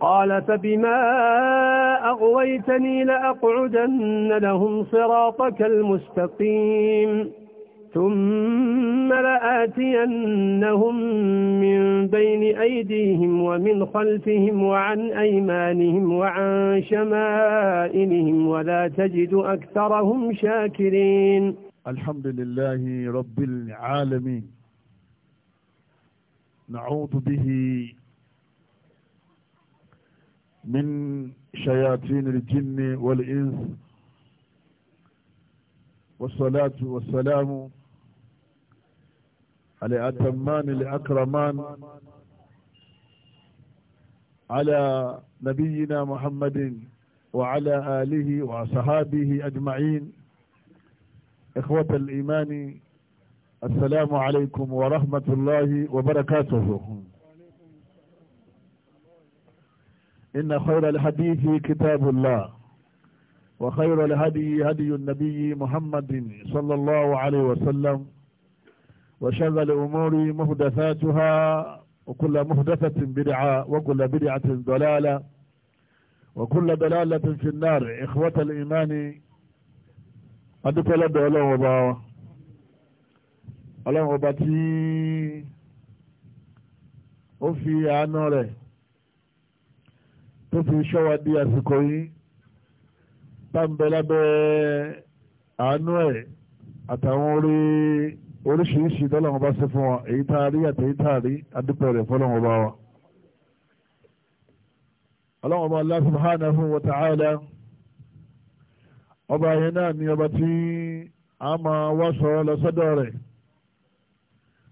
قال فبما أغويتني لأقعدن لهم صراطك المستقيم ثم لآتينهم من بين أيديهم ومن خلفهم وعن أيمانهم وعن شمائلهم ولا تجد أكثرهم شاكرين الحمد لله رب العالمين نعوذ به من شياطين الجن والإنس والصلاة والسلام على أتمان الأكرمان على نبينا محمد وعلى آله وصحابه أجمعين إخوة الإيمان السلام عليكم ورحمة الله وبركاته إن خير الحديث كتاب الله وخير الهدي هدي النبي محمد صلى الله عليه وسلم وشغل الأمور مهدثاتها وكل مهدثة بدعة وكل بدعة ضلالة وكل ضلالة في النار إخوة الإيمان قد طلب الله ألا الله وبا تي وفي عنه tó fi ṣọ́wa di àsìkò yìí táǹbẹ̀ lábẹ́ àánú ẹ̀ àtàwọn orí oríṣiríṣi tọ́lọ́wọ́n bá ṣe fún wa èyí tá a rí àti èyí tá a rí adúpẹ́ rẹ̀ fọ́lọ́wọ́n bá wa. ọlọ́wọ́n bá Allah subhanahu wa ta'ala ọba yẹn náà ni ọba tí a máa wá sọ lọ sọ́dọ̀ rẹ̀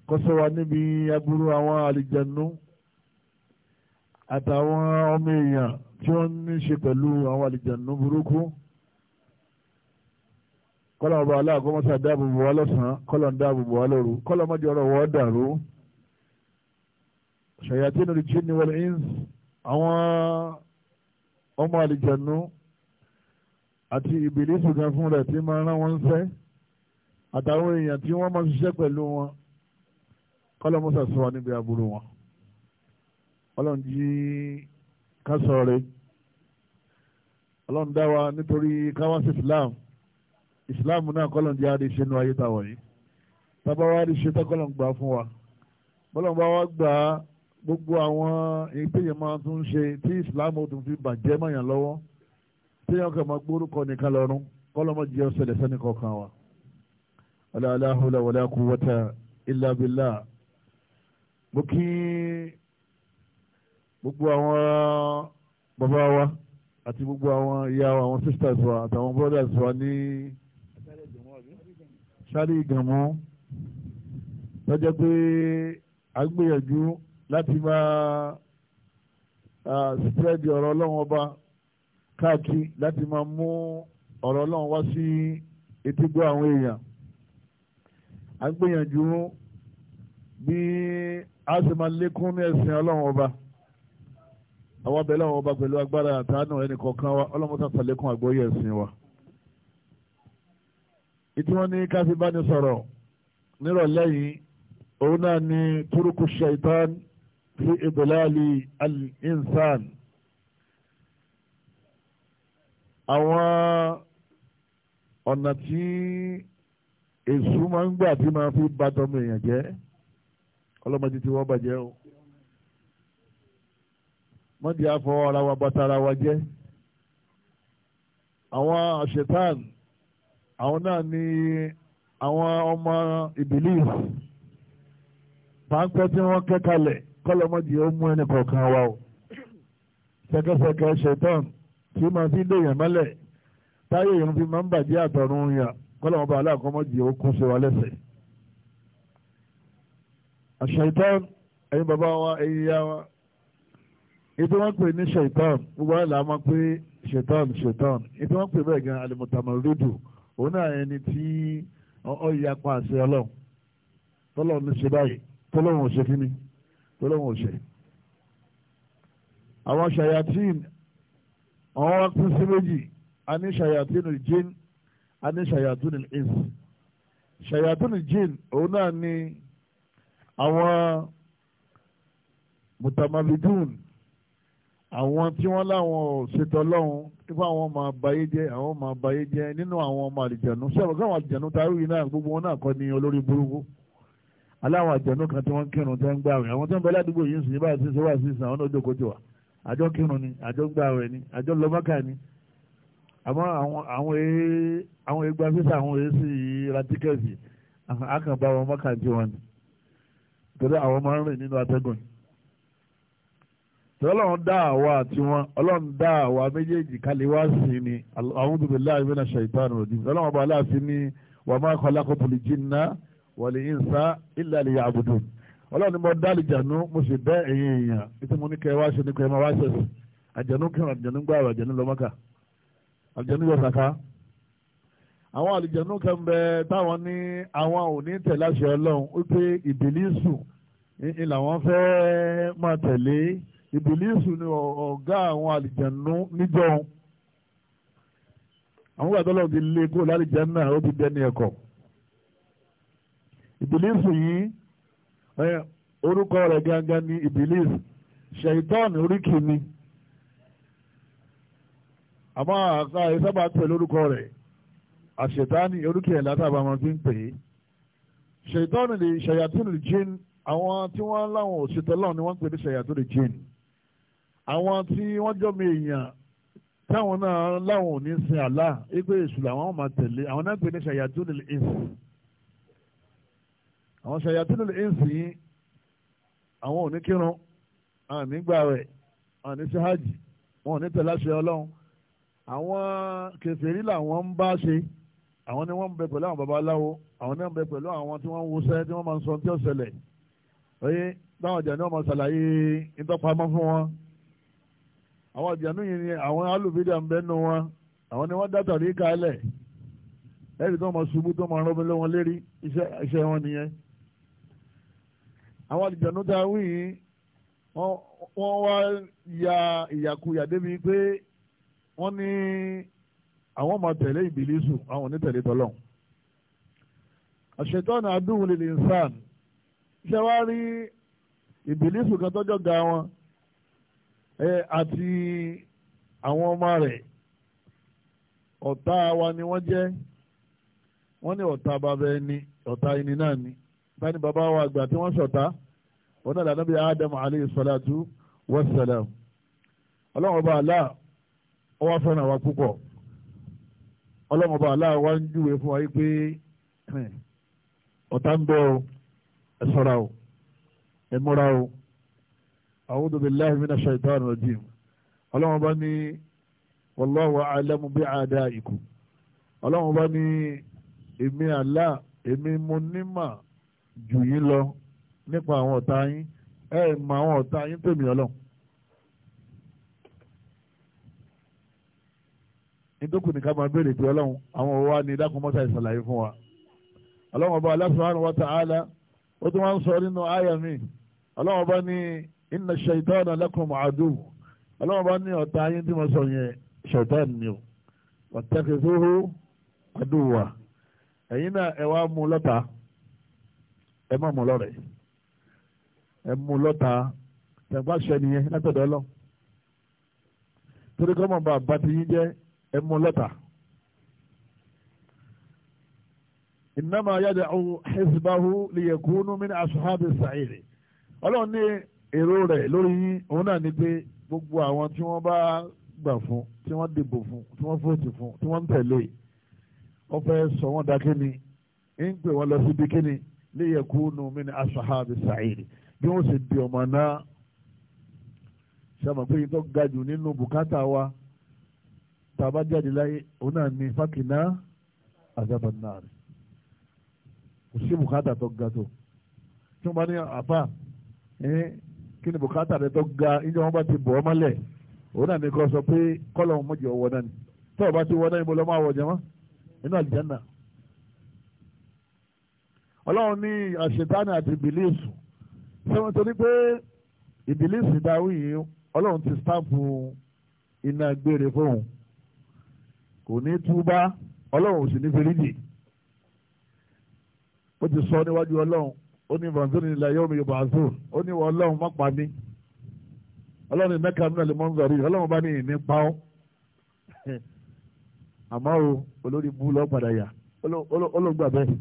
kó wa níbi aburú àwọn àlìjẹ̀nú àtàwọn ọmọ èèyàn tí wọ́n ní ṣe pẹ̀lú àwọn àlìjànú burúkú kọ́lọ̀ ọba aláàkọ́mọ́sá dáàbòbò wá lọ́sàn-án kọ́lọ̀ ń dáàbòbò wá lóru kọ́lọ̀ mọ́jọ ọ̀rọ̀ wọ́ dàrú ṣàyàtínú lè jí ní wọlé ins àwọn ọmọ àlìjànú àti ìbìlísù kan fún rẹ̀ tí máa rán wọn ń àtàwọn èèyàn tí wọ́n máa ṣiṣẹ́ pẹ̀lú wọn kọ́lọ̀ mọ́sá ọlọ́run jí ká ṣoore ọlọ́run dá wa nítorí káwá sí islam islam náà kọ́lọ́n jẹ́ àdìsí inú ayé tàwọn yìí tábà wá àdìsí tọ́kọ́lọ́n gbà fún wa bọ́lọ́n bá wá gbà á gbogbo àwọn ìpéyàn máa tún ṣe tí islam ó tún fi bàjẹ́ mọ̀yàn lọ́wọ́ téèyàn kàn máa gbórúkọ nìkan lọ́rùn kọ́lọ́mọ jẹ́ ọ̀sẹ̀lẹ̀ sẹ́ni kọ̀ọ̀kan wa. wala hawla wala quwwata illa billah mo kí gbogbo àwọn bàbá wa àti gbogbo àwọn ìyá wa àwọn sisters wa àtàwọn brothers wa ní sáré ìgànmọ́ lọ́jọ́ pé a gbìyànjú láti máa spread ọ̀rọ̀ ọlọ́run ọba káàkiri láti máa mú ọ̀rọ̀ ọlọ́run wá sí etígbọ́ àwọn èèyàn a gbìyànjú bí a sì máa lékún ní ẹ̀sìn ọlọ́run ọba àwọn abẹ́lẹ́ àwọn ọba pẹ̀lú agbára àtàánù ẹnì kọ̀ọ̀kan wa ọlọ́mọta sàlékún àgbọ́yé ẹ̀sìn wa. ìtí wọ́n ní ká fi bá ní sọ̀rọ̀ nírọ̀lẹ́ yìí òun náà ni turuku shaitan fi idlali al-insan. àwọn ọ̀nà tí èṣù máa ń gbà tí máa fi bá tọmọ èèyàn jẹ́ ọlọ́mọdé tí wọ́n bàjẹ́ o mọ́dí afọ ara wa bàtà ara wa jẹ́ àwọn àṣetán àwọn náà ní àwọn ọmọ ìbílíf pàǹpẹ́ tí wọ́n kẹ́kalẹ̀ kọ́lọ́mọ́dì ó mú ẹnì kọ̀ọ̀kan wa o sẹ́kẹ́sẹ́kẹ́ ṣetán tí máa fi dèèyàn mọ́lẹ̀ táyé ìrún fi máa ń bàjẹ́ àtọ̀run yàn kọ́lọ́mọba aláàkọ́mọ́dì ó kún sí wa lẹ́sẹ̀. àṣetán ẹ̀yin bàbá wa ẹ̀yin yá wa ètò wọn pè ní ṣètọ́n gbogbo àwọn làwọn pé ṣètọ́n ṣètọ́n ètò wọn pè bẹ́ẹ̀ gan alimọ̀tàmọ̀lódò òun náà ẹni tí ọ yapa àṣẹ ọlọ́run tọ́lọ́run ní ṣe báyìí tọ́lọ́run ò ṣe kíní tọ́lọ́run ò ṣe. àwọn ṣayatin àwọn wá pín sí méjì a ní ṣayatin jin a ní ṣayatin ins ṣayatin jin òun náà ní àwọn mutamalidun àwọn tí wọ́n láwọn ò ṣètò ọlọ́run nípa àwọn ọmọ àbáyé jẹ́ àwọn ọmọ àbáyé jẹ́ nínú àwọn ọmọ àlìjẹ̀nu sọ̀rọ̀ káwọn àlìjẹ̀nu ta rúyìn náà gbogbo wọn náà kọ́ ni olórí burúkú aláwọn àlìjẹ̀nu kan tí wọ́n kírun tẹ́ ń gbà rẹ̀ àwọn tó ń bẹ ládùúgbò yìí ń sìn bá àṣìṣe wà sí ìsìn àwọn náà jókòó tiwa àjọ kírun ni àjọ gbà rẹ̀ ni àjọ lọ́mọ́kà ni àmọ́ àwọn egba fífà àwọn èyí sì ra tíkẹ́ẹ̀tì akànbá wọn mọ́kà tiwọn ni torí àwọn máa ń rìn nínú atẹ́gùn yìí ọlọ́run dá àwa àti wọn ọlọ́run dá àwa méjèèjì kálí wá sí ni a'udhu billahi minash shaitanir rajim ọlọ́run ọba aláàfin ní wa ma khalaqtul jinna wal insa illa liya'budun ọlọ́run ni mo dá àlìjànú mo sì bẹ́ ẹ̀yìn èèyàn nítorí mo ní kẹ́ wá sí ni kẹ́ máa wá ṣẹ̀ṣẹ̀ àjẹnú kírun àjẹnú gbààwẹ̀ àjẹnú lọ ìbílísù ni ọ̀gá àwọn àlìjẹ̀nú níjọ́un àwọn gbàdọ́ lọ́wọ́ ti lé kó lálìjẹ́ náà ó ti dẹ́ni ẹ̀kọ́ ìbílísù yìí orúkọ rẹ̀ gangan ni ìbílísù ṣèyítọ́ọ̀nù oríkì ni àmọ́ àká ìsábà pè lórúkọ rẹ̀ àṣetáni oríkì ẹ̀ látàbà wọn fi ń pè é ṣèyítọ́ọ̀nù lè ṣàyàtúnù jìn àwọn tí wọ́n láwọn òṣìṣẹ́ lọ́wọ́ ni wọ́n ń pè ní ṣàyàtúnù jìn àwọn tí wọ́n jọ́mọ èèyàn táwọn náà láwọn ò ní sin àlá ẹgbẹ́ èṣù làwọn máa tẹ̀lé àwọn náà pè ní ṣàyàtúndì ìsì àwọn ṣàyàtúndì ìsì yìí àwọn ò ní kírun àwọn ò ní gbààwẹ̀ àwọn ò ní ṣe hájì wọn ò ní tẹ̀lé àṣẹ ọlọ́run àwọn kèfèrí làwọn ń bá ṣe àwọn ni wọ́n ń bẹ pẹ̀lú àwọn babaláwo àwọn náà ń bẹ pẹ̀lú àwọn tí wọ́n ń wọṣẹ́ tí wọ́n máa ń sọ tí ó ṣẹlẹ̀ báwọn jà ní wọ́n máa ṣàlàyé ìtọ́pamọ́ fún wọn àwọn àjànú yìí ni àwọn alùbídà ń bẹ́nu wọn àwọn ni wọ́n dátàrí kalẹ̀ ẹ̀rí tó máa ṣubú tó máa rọ́bí lọ́wọ́ lérí iṣẹ́ wọn nìyẹn àwọn àjànú tá a wí yìí wọ́n wá ya ìyàkuyà débi pé wọ́n ní àwọn máa tẹ̀lé ìbílísù àwọn ní tẹ̀lé tọ́lọ̀ àṣetọ́nà adúwò lè lè ń rí ìbílísù kan tọ́jọ́ ga wọn àti àwọn ọmọ rẹ̀ ọ̀tá wa ni wọ́n jẹ́ wọ́n ní ọ̀tá bàbá ẹni ọ̀tá ẹni náà ni tani bàbá wa àgbà tí wọ́n ṣọ̀tá wọn náà lànà bí Ádámù alayhi salatu wa salam ọlọ́run ọba àlá ọ wá fẹ́ràn wa púpọ̀ ọlọ́run ọba àlá wa ń júwe fún wa yí pé ọ̀tá ń bọ̀ ẹ o ẹ múra o. أعوذ بالله من الشيطان الرجيم. اللهم بني، والله أعلم a'lamu اللهم بني، إمي الله، إمي Allah èmi mo nímà jù yín lọ nípa àwọn ọ̀tá yín ẹ mọ àwọn ọ̀tá yín tèmi ọlọ́run. nítòkù ní ká máa béèrè pé ọlọ́run àwọn wa ni dákúnmọ́sá ìsàlàyé fún wa ọlọ́run ọba Allah subhanahu wa ta'ala ó tún wá ń sọ nínú àyà mi ọlọ́run ọba ní inna ṣaitana lakum aduw ọlọ́wọ́n bá ní ọ̀tá ayé tí mo sọ yẹn ṣaitan ni o wattakhidhuhu aduwa ẹ̀yin náà ẹ wá mú lọ́ta ẹ má mú lọ́rẹ̀ ẹ mú lọ́ta tẹ̀gbá ṣẹ nìyẹn látọ̀dọ̀ ọlọ́ torí kọ́mọ̀ bá bàtí yín jẹ́ ẹ mú lọ́ta. innama yad'u hizbahu liyakunu min ashabi sa'iri ọlọ́run ní èrò rẹ̀ lórí òun náà ni pé gbogbo àwọn tí wọ́n bá gbà fún tí wọ́n dìbò fún tí wọ́n fòtì fún tí wọ́n ń tẹ̀lé wọ́n fẹ́ sọ wọ́n da kíni ń pè wọ́n lọ síbi kíni lè yẹ kó mí ní asahabi sa'iri bí wọ́n sì di ọmọ náà sàmà pé ìtọ́ ga jù nínú bùkátà wa tá a bá jáde láyé òun náà ni fákìnà àdàbànàrì kò sí bùkátà tó ga tó tí wọ́n bá ní àbá kí ni bùkátà rẹ tó ga ìjọ wọn bá ti bọ̀ ọ́ mọ́lẹ̀ òun náà ní kó sọ pé kọ́lọ̀ wọn mọ̀jẹ̀ ọwọ́ náà ni tó o bá ti wọ náà ibo lọ́mọ àwọ̀ jẹ́mọ́ inú àlìjánà ọlọ́run ní àṣetánì àti ìbílíìsù sẹ́wọ́n torí pé ìbílíìsù dáwọ́ yìí ọlọ́run ti stampu iná gbére fóun kò ní túbá ọlọ́run ò sì ní fèrèjì ó ti sọ níwájú ọlọ́run ó ní vanzoni ilẹ̀ yóò mi yorùbá azul ó ní wọ́n ọlọ́run má pa mí ọlọ́run mẹ́ka mi lè mọ́ ń zọrí ọlọ́run bá ní ìní pa ọ́ àmọ́ o olórí bú lọ́ padà yà olóògbà bẹ́ẹ̀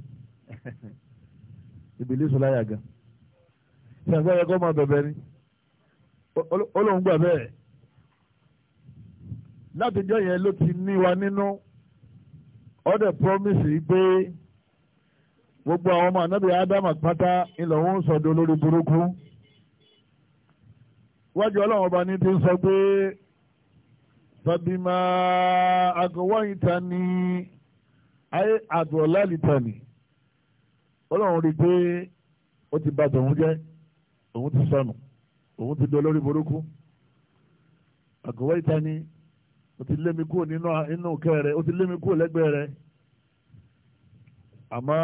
ìbílẹ̀ sọ láyà gan ṣàgbọ́n yẹ kó máa bẹ̀bẹ̀ ni olóògbà bẹ́ẹ̀ látijọ́ yẹn ló ti ní wa nínú ọ̀dẹ̀ promise yìí pé gbogbo àwọn ọmọ anábì ádámà pátá ilẹ̀ wọn sọ̀dọ̀ lórí burúkú wájú ọlọ́run ọba ní ti ń sọ pé fabima agọwọ́yìn ta ni ayé àdùọ̀láàlì ta ni ọlọ́run rí pé ó ti bà tòun jẹ́ òun ti sọnù òun ti dọ lórí burúkú àgọ́wọ́ ìta ni ó ti lémi kúrò nínú kẹrẹ ó ti lémi kúrò lẹ́gbẹ̀ẹ́ àmọ́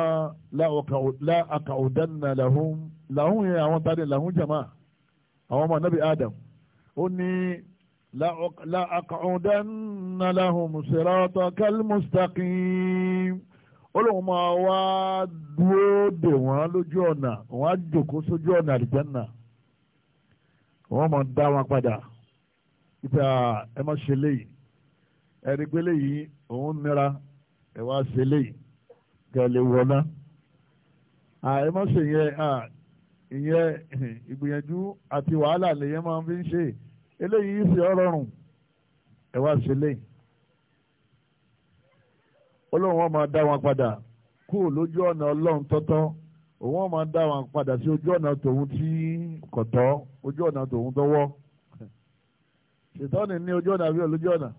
láàkàùdánà làhún làhún yẹn àwọn tàdé làhún jama àwọn ọmọ anábì adam ó ní láàkàùdánà làhún sirata kalmustaqim ó lóun máa wá dúró dè wọ́n lójú ọ̀nà wọ́n á jòkó sójú ọ̀nà àlìjánà wọ́n máa dá wọn padà ìta ẹ má ṣe léyìí ẹ̀rí pé léyìí òun nira ẹ̀ wá ṣe léyìí kẹlẹ̀ wọ̀ná ẹ má ṣe yẹn ìyẹn ìgbìyànjú àti wàhálà lèyẹn máa fi ń ṣe eléyìí yìí ṣe ọrọrùn ẹ wá ṣe léyìn ọlọ́run wọn máa dá wọn padà kúrò lójú ọ̀nà ọlọ́run tọ́tọ́ òun wọn máa dá wọn padà sí ojú ọ̀nà tòun tí kò tọ́ ojú ọ̀nà tòun tọ́wọ́ ṣètọ́ni ní ojú ọ̀nà àbí olójú ọ̀nà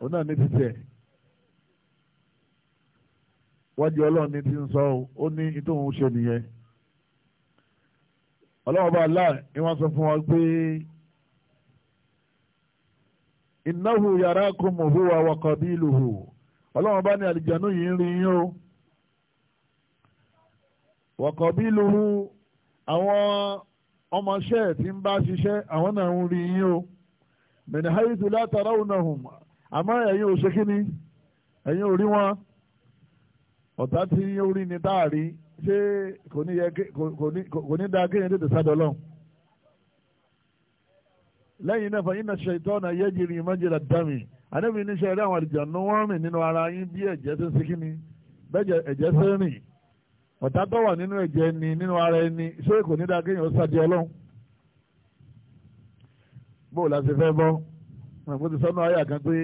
òun náà ní títẹ̀ wájú ọlọ́run ní ti ń sọ ó ní ìtòhun ṣe nìyẹn ọlọ́run bá láà ni wọ́n sọ fún wa pé innahu yarakum huwa wa qabiluhu ọlọ́run bá ní àlìjánu yìí ń rí yín o wa qabiluhu àwọn ọmọọṣẹ́ tí ń bá ṣiṣẹ́ àwọn náà ń rí yín o min haythu la tarawnahum àmọ́ ẹ̀yin ò ṣe kíni ẹ̀yin ò rí wọn. ọ̀tá tí ó rí ni dáàrí ṣé kò ní dáa kéèyàn tètè sádọ̀ lọ́hùn. lẹ́yìn náà fàyín náà ṣètò ọ̀nà yẹ́jìrì ìmọ̀jìlá dàmì àdébìnrin níṣẹ́ eré àwọn àlìjànú wọ́n rìn nínú ara yín bí ẹ̀jẹ̀ ṣe ń sí kíni bẹ́ẹ̀ ẹ̀jẹ̀ ṣe ń rìn ọ̀tá tó wà nínú ẹ̀jẹ̀ ni nínú ara ẹni ṣé kò ní dáa kéèyàn sáde ọlọ́hùn. bó o la fẹ́ bọ́ ọ̀nà kó ayé àkànpé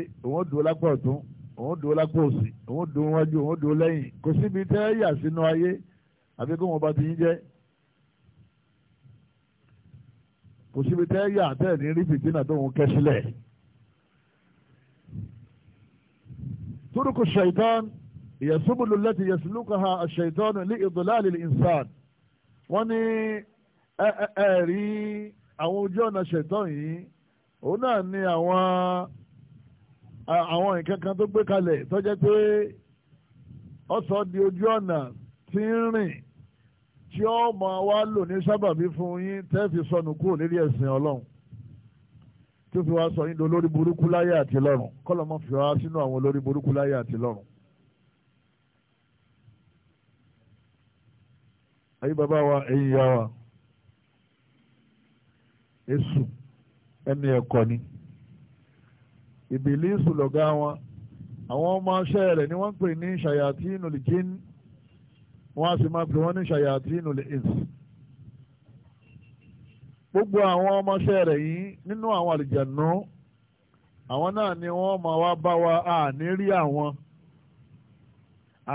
òun dò lápò òsì òun dò wájú òun dò lẹ́yìn kò síbi tẹ́ yà sínú ayé àfi kó wọn bá ti yín jẹ́ kò síbi tẹ́ yà tẹ́ ní rí fìtínà tó ń kẹ́ sílẹ̀. turuku shaitan yasubulu lati yaslukaha shaitan li idlali al-insan wọ́n ní ẹ̀ẹ̀rí àwọn ojú ọ̀nà shaitan yìí òun náà ní àwọn àwọn nǹkan kan tó gbé kalẹ̀ tó jẹ́ pé ọ̀sán di ojú ọ̀nà tí ń rìn tí ó máa wá lò ní sábàbí fún yín tẹ́ fi sọnù kúrò lórí ẹ̀sìn ọlọ́run tó fi wá sọ yín di olórí burúkú láyé àti lọ́run kọ́lọ́ mọ́ fi wá sínú àwọn olórí burúkú láyé àti lọ́run. ayé bàbá wa ẹ̀yin ya wa èṣù ẹni ẹ̀kọ́ ni ìbílísù lọ̀gá wọn àwọn ọmọ aṣẹ́ rẹ̀ ni wọ́n ń pè ní ṣayatinul jinn wọ́n á sì máa pè wọ́n ní ṣayatinul ins gbogbo àwọn ọmọ aṣẹ́ rẹ̀ yìí nínú àwọn àlìjànú àwọn náà ni wọ́n máa wá bá wa àní rí àwọn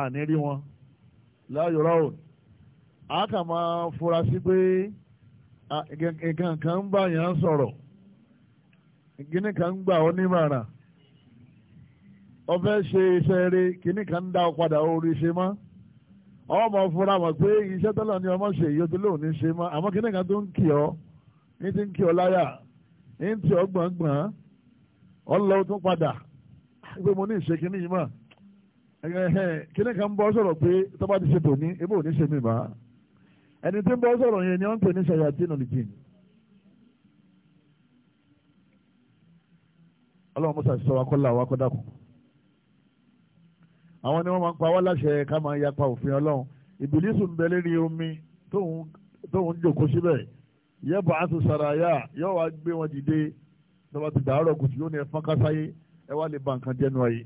àní rí wọn láyọ̀rọ̀ òní a kà máa fura sí pé nǹkan kan ń bá yàn sọ̀rọ̀ kíní ka gbà ọ nímọ̀ràn ọfẹ́ ṣe iṣẹ́ rí kíní kan dá ọ padà orí ṣe mọ́ ọmọ fúnra mọ̀ pé iṣẹ́ tọ́lọ̀ ni ọmọ ṣe èyí ojúlóhùn ní ṣe mọ́ àmọ́ tó ń kì ọ́ ní ti ń kì ọ́ láyà ní ti ọ́ gbọ̀ngbọ̀n ọ́ lọ tún padà pé mo ní ìṣe kíní yìí mọ̀ kíní kan bọ́ sọ̀rọ̀ pé tọ́ba ti ṣe tòní ebó ò ní ṣe mi mọ́ ẹni tí ń bọ́ sọ̀rọ̀ yẹn ni wọ́n pè ní ọlọ́run musa sọ wa kọ́lá wa kọ́dà kù àwọn ni wọ́n máa ń pa wá láṣẹ ká máa yapa òfin ọlọ́run ìbílísù ń bẹ lérí omi tóun jòkó síbẹ̀ yẹ́bọ̀ á tún sara yá yóò wá gbé wọn dìde tọ́ba ti dàárọ̀ kùtù yóò ní ẹ fọ́n kásáyé ẹ wá lè ba nǹkan jẹ́nu ayé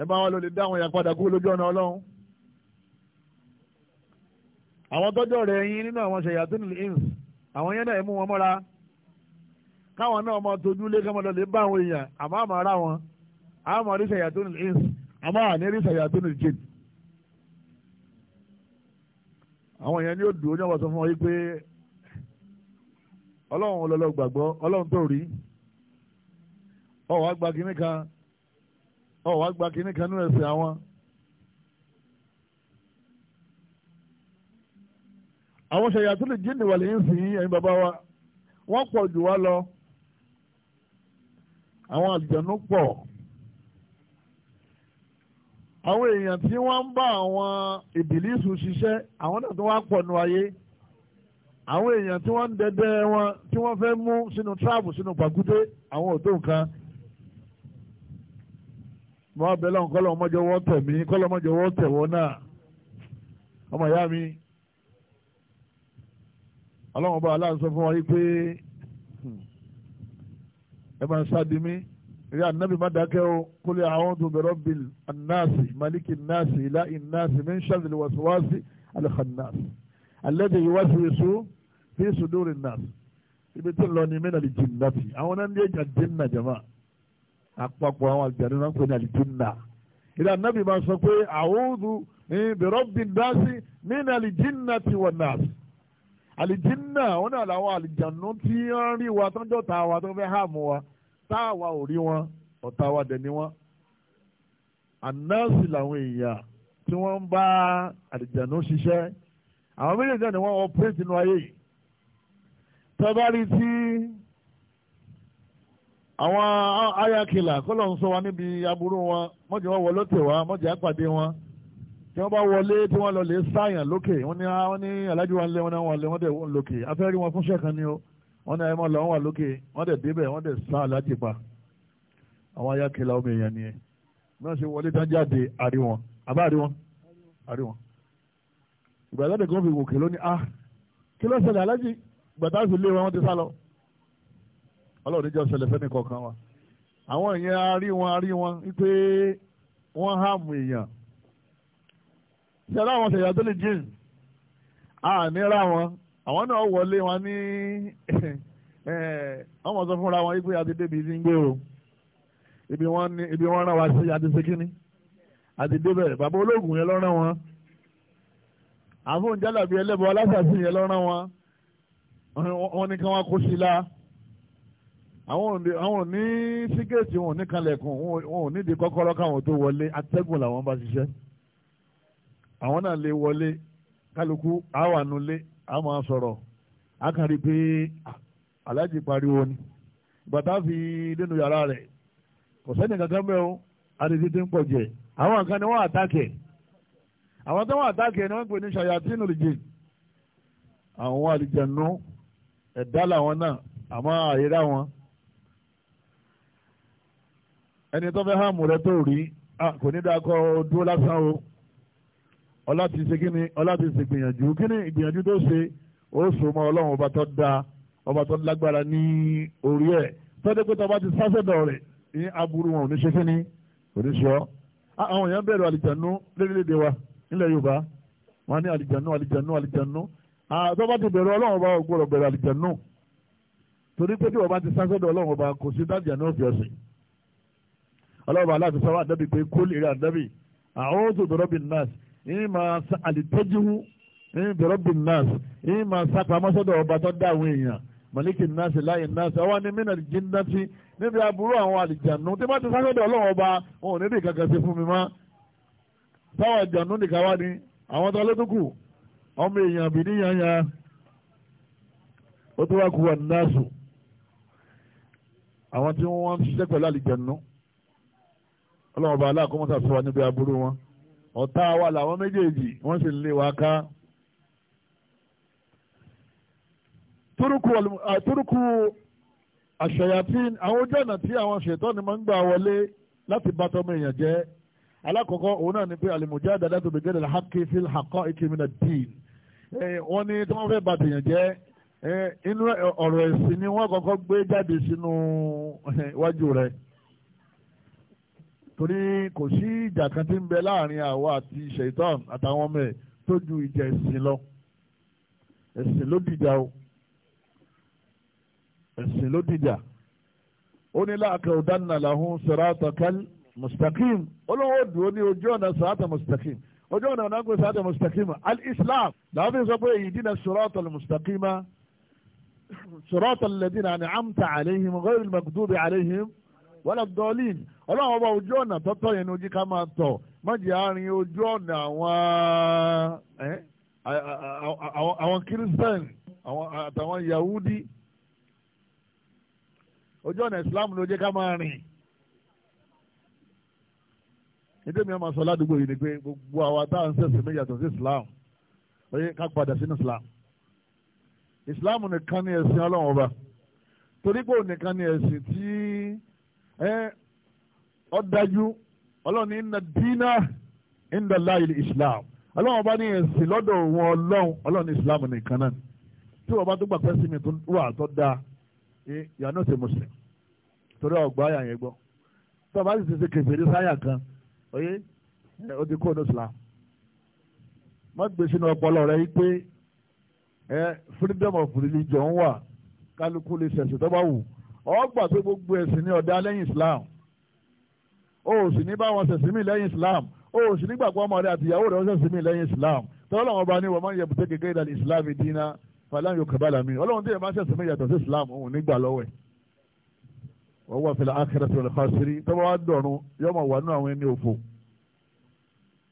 ẹ bá wọn lò lè dá àwọn ìyàpadà kú lójú ọ̀nà ọlọ́run àwọn tọ́jọ́ rẹ̀ yín nínú àwọn ṣẹ̀yà tó nílùú ins àwọn yẹn náà ẹ̀ mú wọn mọ́ra káwọn náà máa tójú lé káwọn lọlé bá àwọn èèyàn àmọ́ àmọ́ ara wọn àmọ́ rí sàyà tó ní ins àmọ́ àní rí sàyà ní jìn. àwọn èèyàn ni ó dùn ó ní ọ̀wọ́ sọ fún wọn yìí pé ọlọ́run ọlọ́lọ́ gbàgbọ́ ọlọ́run tó rí ọ̀wá gba kínní kan ọ̀wá gba kínní kan nínú ẹ̀sìn àwọn. àwọn sàyà tó ní jìn wà lẹ́yìn sí ẹ̀yin bàbá wa wọ́n pọ̀ jù wá lọ àwọn àlùjọ̀nú pọ̀ àwọn èèyàn tí wọ́n ń bá àwọn ìbílísù ṣiṣẹ́ àwọn náà tó wá pọ̀ nù ayé àwọn èèyàn tí wọ́n ń dẹdẹ́ wọn tí wọ́n fẹ́ mú sínú tíráàbù sínú pàkúté àwọn ò tó nǹkan mọ abẹ́lẹ́ ọ̀hún kọ́lọ́ ọmọdé wọ́ tẹ̀ mí kọ́lọ́ ọmọdé wọ́ tẹ̀ wọ́n náà ọmọ ìyá mi ọlọ́run bá aláǹsọ fún wa yí pé ẹ máa ń sáàdì mí ìyá ànábì má dákẹ́ o kólé àwọn tó bẹ̀rọ̀ bí anáàsì maliki náàsì ilá ináàsì min ṣàlẹ̀ wàsíwàsí alìkànnáàsì alẹ́dẹ̀ ìwáṣí èso fi sùdúrì náàsì ibi tí ń lọ ní mẹ́nà àlìjìnnàtì àwọn náà ń lé àjàdínà jama àpapọ̀ àwọn àjàdínà ń pè ní àlìjìnnà ìyá ànábì máa sọ pé àwọn tó bẹ̀rọ̀ bí náàsì mẹ́nà àlìjìnnàtì wà náàsì àlìjínà ó náà làwọn àlìjànú tí wọ́n rí wa tọ́jọ́ ta wa tó fẹ́ hàmù wa tá àwa ò rí wọn ọ̀tá wa dẹ̀ ni wọ́n. ànáàsì làwọn èèyàn tí wọ́n ń bá àlìjànú ṣiṣẹ́ àwọn méjèèjì ni wọ́n ọ̀pẹ́rẹ́tì nínú ayé yìí. tọ́bárí tí àwọn ayakìlà kọ́lọ̀ ń sọ wa níbi aburú wọn mọ́jọ́ wọ́n wọ wa mọ́jọ́ àpàdé wọn tí wọ́n bá wọlé tí wọ́n lọ lè sáyàn lókè wọ́n ní ah, wọ́n ní alájú wa ń lé wọn náà wọ́n lé wọ́n dẹ̀ wọ́n lókè afẹ́rí wọn fúnṣẹ́ kan ni ó wọ́n náà ẹ mọ́ lọ wọ́n wà lókè wọ́n dẹ̀ débẹ̀ wọ́n dẹ̀ sá alájì pa àwọn ayákẹ́lá omi èèyàn nìyẹn bí wọ́n ṣe wọlé tán jáde àrí wọn àbá àrí wọn àrí wọn. ìgbà ìlọ́dẹ̀ kan fi wòkè lónìí ah kí ló ṣẹlẹ̀ alájì gbàtà fi lé wọn ti sá lọ ọlọ́run níjọ́ ṣẹlẹ̀ fẹ́ni kọ̀ọ̀kan wa àwọn èèyàn arí wọn hàmù èèyàn ṣẹlẹ àwọn ṣẹyà tó lè jìn àníra wọn àwọn náà wọlé wọn ní eh, ọmọ sọ fúnra wọn wípé àti débi ti ń gbé o ibi wọn ní ibi wọn rán wa sí àti sekínì àti débẹ̀ bàbá ológun yẹn lọ́rán wọn àfún jálàbí ẹlẹ́bọ alásàsí yẹn lọ́rán wọn wọn ní kí wọn kó sí la àwọn ò ní sígẹ́ẹ̀tì wọn ò ní kanlẹ̀kùn wọn ò ní di kọ́kọ́rọ́ káwọn tó wọlé atẹ́gùn làwọn bá ṣiṣẹ́. àwọn náà lè wọlé kálukú àwọn ànulé a máa pariwo ni bàtà fi nínú yàrá rẹ kò sẹ́ni kankan o àdìsí ti ń pọ̀ jẹ́ àwọn kan ni wọ́n àtàkẹ́ àwọn tó wọ́n àtàkẹ́ ni wọ́n pè ní awọn lè jẹ́ àwọn àlìjẹ̀nú ẹ̀dá làwọn náà àmọ́ àyèrè àwọn ẹni tó fẹ́ rẹ ọlá ti ṣe kíni ọlá ti ṣe gbìyànjú kíni ìgbìyànjú tó ṣe ó so mọ́ ọlọ́run ọba tó da ọba tó lágbára ní orí ẹ̀ tọ́jú pé tọba ti sásẹ̀dọ̀ rẹ̀ ní aburú wọn ò ní ṣe kíni kò ní ṣe ọ́ àwọn èèyàn bẹ̀rù àlìjànú lórílẹ̀‐èdè wa nílẹ̀ yorùbá wọn ní àlìjànú àlìjànú àlìjànú tọ́ba ti bẹ̀rù ọlọ́run ọba ò bẹ̀rù àlìjànú torí pé tí ọba ti sásẹ̀dọ̀ ọlọ́run ọba kò yìí máa sa àlìtẹ́jú yìí bẹ̀rọ̀ bí nọ́ọ̀sì yìí máa sa pamọ́sọ́dọ̀ ọba tó dá àwọn èèyàn mọ̀lẹ́kì nọ́ọ̀sì láyé nọ́ọ̀sì àwọn ni mí nàìjí nọ́ọ̀sì níbi aburú àwọn àlìjànú tí wọ́n ti sásọ́dọ̀ ọlọ́run ọba wọn ò ní bí kankan sí fún mi mọ́ táwọn àjànú nìkan wá ni àwọn tó lótùkù ọmọ èèyàn bì níyànyà ó tó wá ku wà nọ́ọ̀sì àwọn tí wọ́n ń ṣiṣẹ́ pẹ̀lú àlìjànú ọlọ́run ọba aláàkọ́mọ́sà sọ wa níbi aburú wọn ọ̀tá wa làwọn méjèèjì wọ́n sì ń lé wa ká. turuku àṣàyàtìn àwọn ojú ọ̀nà tí àwọn ṣètọ́ ni máa ń gbà wọlé láti bá tọmọ èèyàn jẹ́ alákọ̀ọ́kọ́ òun náà ni pé àlèmọ̀jáde adájọ́ bí gẹ́gẹ́ lẹ́hàkì fíl àkọ́ ìkìmínà dín wọ́n ní tí wọ́n fẹ́ bá tèèyàn jẹ́ inú ọ̀rọ̀ ẹ̀sìn ni wọ́n kọ́kọ́ gbé jáde sínú iwájú rẹ̀ torí kò sí ìjà kan tí ń bẹ láàrin àwa àti ṣèitán àtàwọn ọmọ ẹ̀ tó ju ìjà ẹ̀sìn lọ ẹ̀sìn ló dìjà o ẹ̀sìn ló dìjà ó ní láàkẹ́ ọ̀dánà làhún siratakal mustaqim olówó dùn ó ní ojú ọ̀nà sirata mustaqim ojú ọ̀nà ọ̀nà gbé sirata mustaqim al-islam làwọn fi sọ pé ihdina siratal mustaqima siratal ladina an'amta alayhim ghayril maghdubi alayhim wàlá dọ́ọ̀lìn ọlọ́run ọba ojú ọ̀nà tọ́tọ́ yẹn ni ojú ká máa tọ̀ má jẹ́ àárín ojú ọ̀nà àwọn àwọn kírísítẹ́nì àtàwọn yahudi ojú ọ̀nà ìsìláàmù ló jẹ́ ká máa rìn nítorí mi máa sọ ládùúgbò yìí ni pé gbogbo àwa tá à ń ṣẹ̀sìn méjì yàtọ̀ sí islam ó yẹ ká padà sínú islam islam nìkan ni ẹ̀sìn ọlọ́run ọba torí nìkan ni ẹ̀sìn tí ó dájú ọlọ́run ní inna dínà inda láìlì islam ọlọ́run bá ní ẹ̀sìn lọ́dọ̀ òun ọlọ́run ọlọ́run ní islam nìkan náà tí wọ́n bá tó gbà pẹ́ sí mi tó wà tó dáa you are not a muslim torí ọgbà àyà yẹn gbọ́ tí wọ́n bá sì ti ṣe kẹfìrí sáyà kan oyè ó ti kó ní islam má gbé sínú ọpọlọ rẹ yìí pé freedom of religion wà kálukú lè ṣẹ̀ṣẹ̀ tó bá wù ọgbà pé gbogbo ẹ̀sìn ní ọ̀dá lẹ́yìn islam o ò sì ní bá wọn ṣẹ̀sìn mí lẹ́yìn islam o ò sì ní gbàgbọ́ ọmọ rẹ àtìyàwó rẹ wọn ṣẹ̀sìn mí lẹ́yìn islam tọ́lọ́ ọba ni wọ́n máa ń yẹ bùtẹ́ kékeré dàlí islam dínà fàlàn yóò kaba lami ọlọ́run tẹ̀yẹ̀ máa ṣẹ̀sìn mí yàtọ̀ sí islam òun nígbà lọ́wẹ̀ wọ́n wà fìlà akhirati wal khasiri tọ́wọ́ wa dọ̀run yọmọ wà nínú àwọn ẹni òfò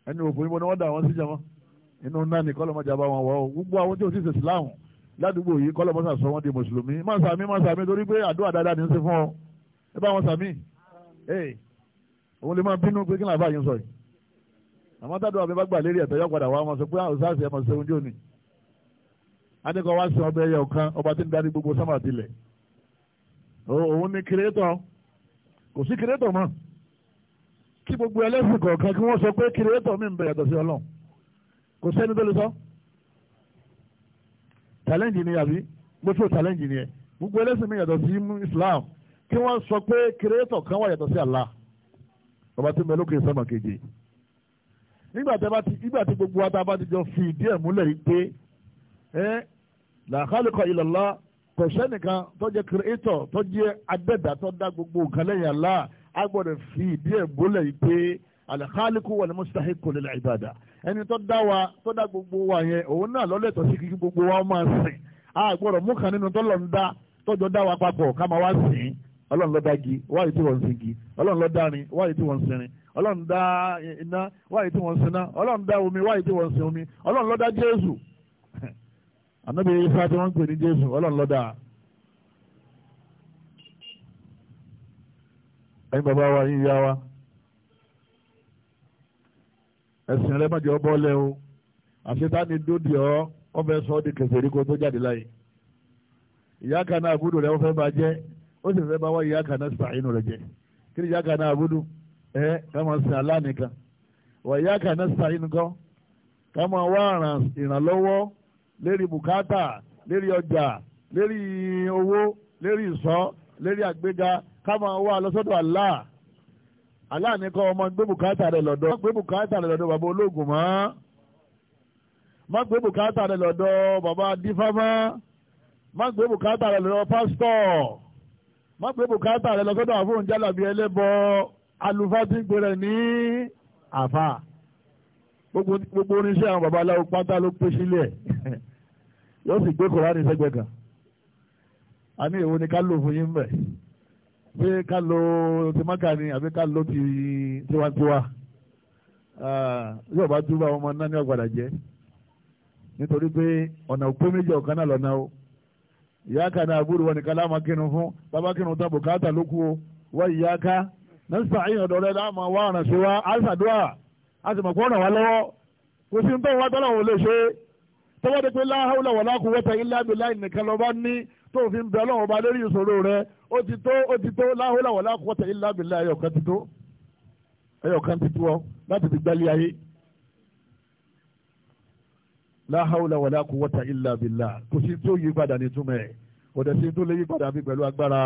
ẹni òfò ni wọ́n dà wọ́n sí jama inú náà ni kọ́lọ́mọjà bá wọn wọ́ gbogbo àwọn tí islam ládùúgbò yìí kọ́lọ̀ mọ́sà sọ wọ́n di mùsùlùmí má sàmí má sàmí torí pé àdúrà dáadáa ní í ṣe fún ọ ẹ bá wọn sàmí ee òun lè máa bínú pé kí làbá yín sọ yìí àmọ́ tádùn àbẹ bá gbà lérí ẹ̀tọ́ yọ padà wá wọn sọ pé àwọn ah, sáàsì ẹ̀mọ̀ ṣe oúnjẹ òní adékọ̀ wá sí ọbẹ̀ ẹyẹ ọ̀kan ọba tí ń darí gbogbo sámà tilẹ̀ òun ni kìrẹ́tọ̀ kò sí kìrẹ́tọ̀ mọ́ kí gbogbo ẹlẹ́sìn kọ̀ọ̀kan kí wọ́n sọ pé kìrẹ́tọ̀ mi ń bẹ̀rẹ̀ yàtọ̀ sí ọlọ́run kò sẹ́ni tó lè sọ. So? challenge ni àbí bó ṣe challenge ni ẹ gbogbo ẹlẹ́sìn mi yàtọ̀ sí Islam kí wọ́n sọ pé creator kan wà yàtọ̀ sí Allah ọba tí mo lókè sọ́mọ nígbà tí ìgbà tí gbogbo ata bá ti jọ fi ìdí ẹ̀ múlẹ̀ yìí pé ẹ la khaliqa illallah kò sẹ́nìkan tó jẹ́ creator tó jẹ́ adẹ́dà tó dá gbogbo nǹkan lẹ́yìn Allah a gbọ́dọ̀ fi ìdí ẹ̀ múlẹ̀ yìí pé al khaliqu wal mustahiqu lil ibada ẹni tó dá wa tó dá gbogbo wa yẹn òun náà lọ́lẹ́tọ̀ sí kíkí gbogbo wa máa sìn á gbọ́dọ̀ mú kan nínú tọ́lọ̀ ń dá tọ́jọ́ wa papọ̀ ká máa wá sìn gi wáyé tí wọ́n ń gi ọlọ́run nlọda dá rin wáyé tí wọ́n ń sin ọlọ́run dá iná wáyé tí omi wáyé tí wọ́n ń omi ọlọ́run nlọda dá jésù ifá tí wọ́n ń pè ní jésù ọlọ́run dá. bàbá ẹ̀sìn rẹ mọ̀jọ́ bọ́lẹ̀ o àṣetáni dódì ọ́ wọ́n fẹ́ sọ ọ́ di kẹsẹ̀ ríko tó jáde láyé ìyá kan náà abudu, rẹ wọ́n fẹ́ bá jẹ́ ó sì fẹ́ bá wá ìyá kan náà sàínú rẹ jẹ́ kí ni ìyá kan náà àbúrò ẹ ká máa sin aláàánú kan wọ ìyá kan náà sàínú kan ká máa wá ìrànlọ́wọ́ lérí bùkátà lérí ọjà lérí owó lérí ìsọ lérí àgbéga ká máa wá lọ sọ́dọ̀ Allah aláàní kọ́ ọmọ gbé bùkátà rẹ̀ lọ́dọ̀ gbé bùkátà rẹ̀ lọ́dọ̀ bàbá ológun mọ́ má gbé bùkátà rẹ̀ lọ́dọ̀ bàbá dífá mọ́ má gbé bùkátà rẹ̀ lọ́dọ̀ pásítọ̀ má gbé bùkátà rẹ̀ lọ́dọ̀ àfóhùn jálàbí ẹlẹ́bọ alùfáà ti ń pè rẹ̀ ní àfà gbogbo oníṣẹ́ àwọn babaláwo pátá ló pé sílẹ̀ yóò sì gbé kòránì sẹ́gbẹ̀ẹ́ kan àní èwo ni ká lò fún yín bẹ́ẹ̀ pé ká lo tìmákà ni àbí ká lo ti tiwantiwa yóò bá túbọ̀ àwọn ọmọ náà ní ọ̀gbàdà jẹ́ nítorí pé ọ̀nà òpó méjì ọ̀kan náà lọ́nà o ìyá kan náà àbúrò wọn nìkan láàmú kírun fún bàbá kírun tán bùkátà ló kú o wọ́n ìyá ká nọ́ọ̀sì àyìn ọ̀dọ̀ rẹ láàmú wá ọ̀ràn sí wa àṣàdúrà a sì mọ̀ pé ọ̀ràn wa lọ́wọ́ kò sí ń tọ́ wa tọ́lá òun lè ṣe tọ́wọ́ de pé la hawla wala quwwata illa billahi nìkan lọ́ba ní tó fi ń bẹ ọlọ́run ọba lórí ìṣòro rẹ ó ti tó ó ti tó láhùláwọ̀ lákòótẹ́ ìlàbílẹ̀ ayọ̀kan ti tó ayọ̀kan ti tó ọ láti fi gbálẹ̀ ayé láhàúlà wàlá quwwata illa billah kò sí tó yí padà ní túmọ̀ kò dẹ̀ sí tó lè yí padà bí pẹ̀lú agbára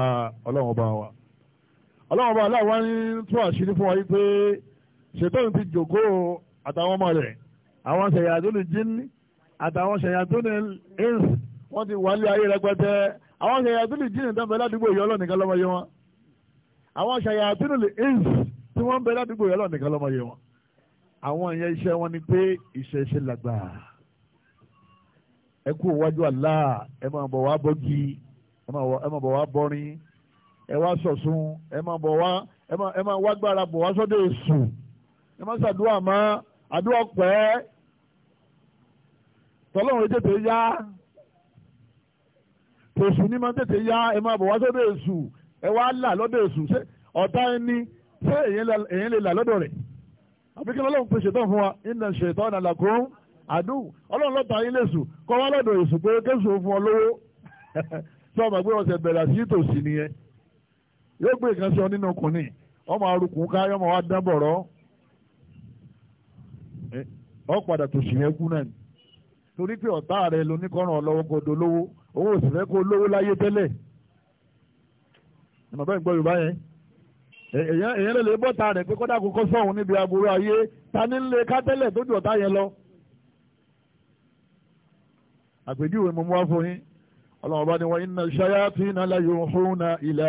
ọlọ́run ọba wa ọlọ́run ọba aláwa ń tún àṣírí fún wa yí pé ṣètọ́n ti jòkó àtàwọn ọmọ rẹ̀ àwọn ṣẹ̀yà tó wọ́n ti wálé ayé rẹpẹtẹ àwọn ṣayàtúlù jíìnì tó ń bẹ ládùúgbò yìí ọlọ́nìkan lọ́mọ yé wọn àwọn ṣayàtúlù ins tí wọ́n ń bẹ ládùúgbò yìí ọlọ́nìkan lọ́mọ yé wọn àwọn ìyẹn iṣẹ́ wọn ni pé ìṣẹ̀ṣe làgbà ẹ kú wájú àlá ẹ máa bọ̀ wá bọ́gì ẹ máa bọ̀ wá bọ́rin ẹ wá sọ̀sùn ẹ máa bọ̀ wá ẹ máa wá gbára bọ̀ wá sọ́dọ̀ èṣù ẹ máa ṣàdúrà mọ́ àdúrà pẹ́ tọ́lọ́run ètò tó yá. èṣù ní máa tètè ẹ máa bọ̀ wá ẹ wá là lọ́dọ̀ ṣé ọ̀tá ẹni ṣé èyàn lè là lọ́dọ̀ rẹ̀ àbí kí ọlọ́run pe fún wa iná ọ̀nà àdùn ọlọ́run lọ́ta kọ́ wá lọ́dọ̀ pé kéṣù fún ọ lówó ọmọ gbé ọsẹ bẹ̀rẹ̀ sí tòsí nìyẹn yóò gbé nǹkan sí ọ nínú wa dán bọ̀rọ̀ ọ padà tòsí yẹn kú náà torí pé ọ̀tá rẹ lóníkọ́rùn lówó òun ò sì fẹ́ kó lówó láyé tẹ́lẹ̀ ìmọ̀ bẹ́ẹ̀ ń gbọ́ yorùbá yẹn èyàn lè lè bọ́ta rẹ̀ pé kọ́dà kókó sọ̀hún níbi aburú ayé ta ní lè ká tẹ́lẹ̀ tó dùn yẹn lọ. àpèjúwe mo mú wá fún yín ọlọ́run bá ní wa inna shayatina la yuhuna ila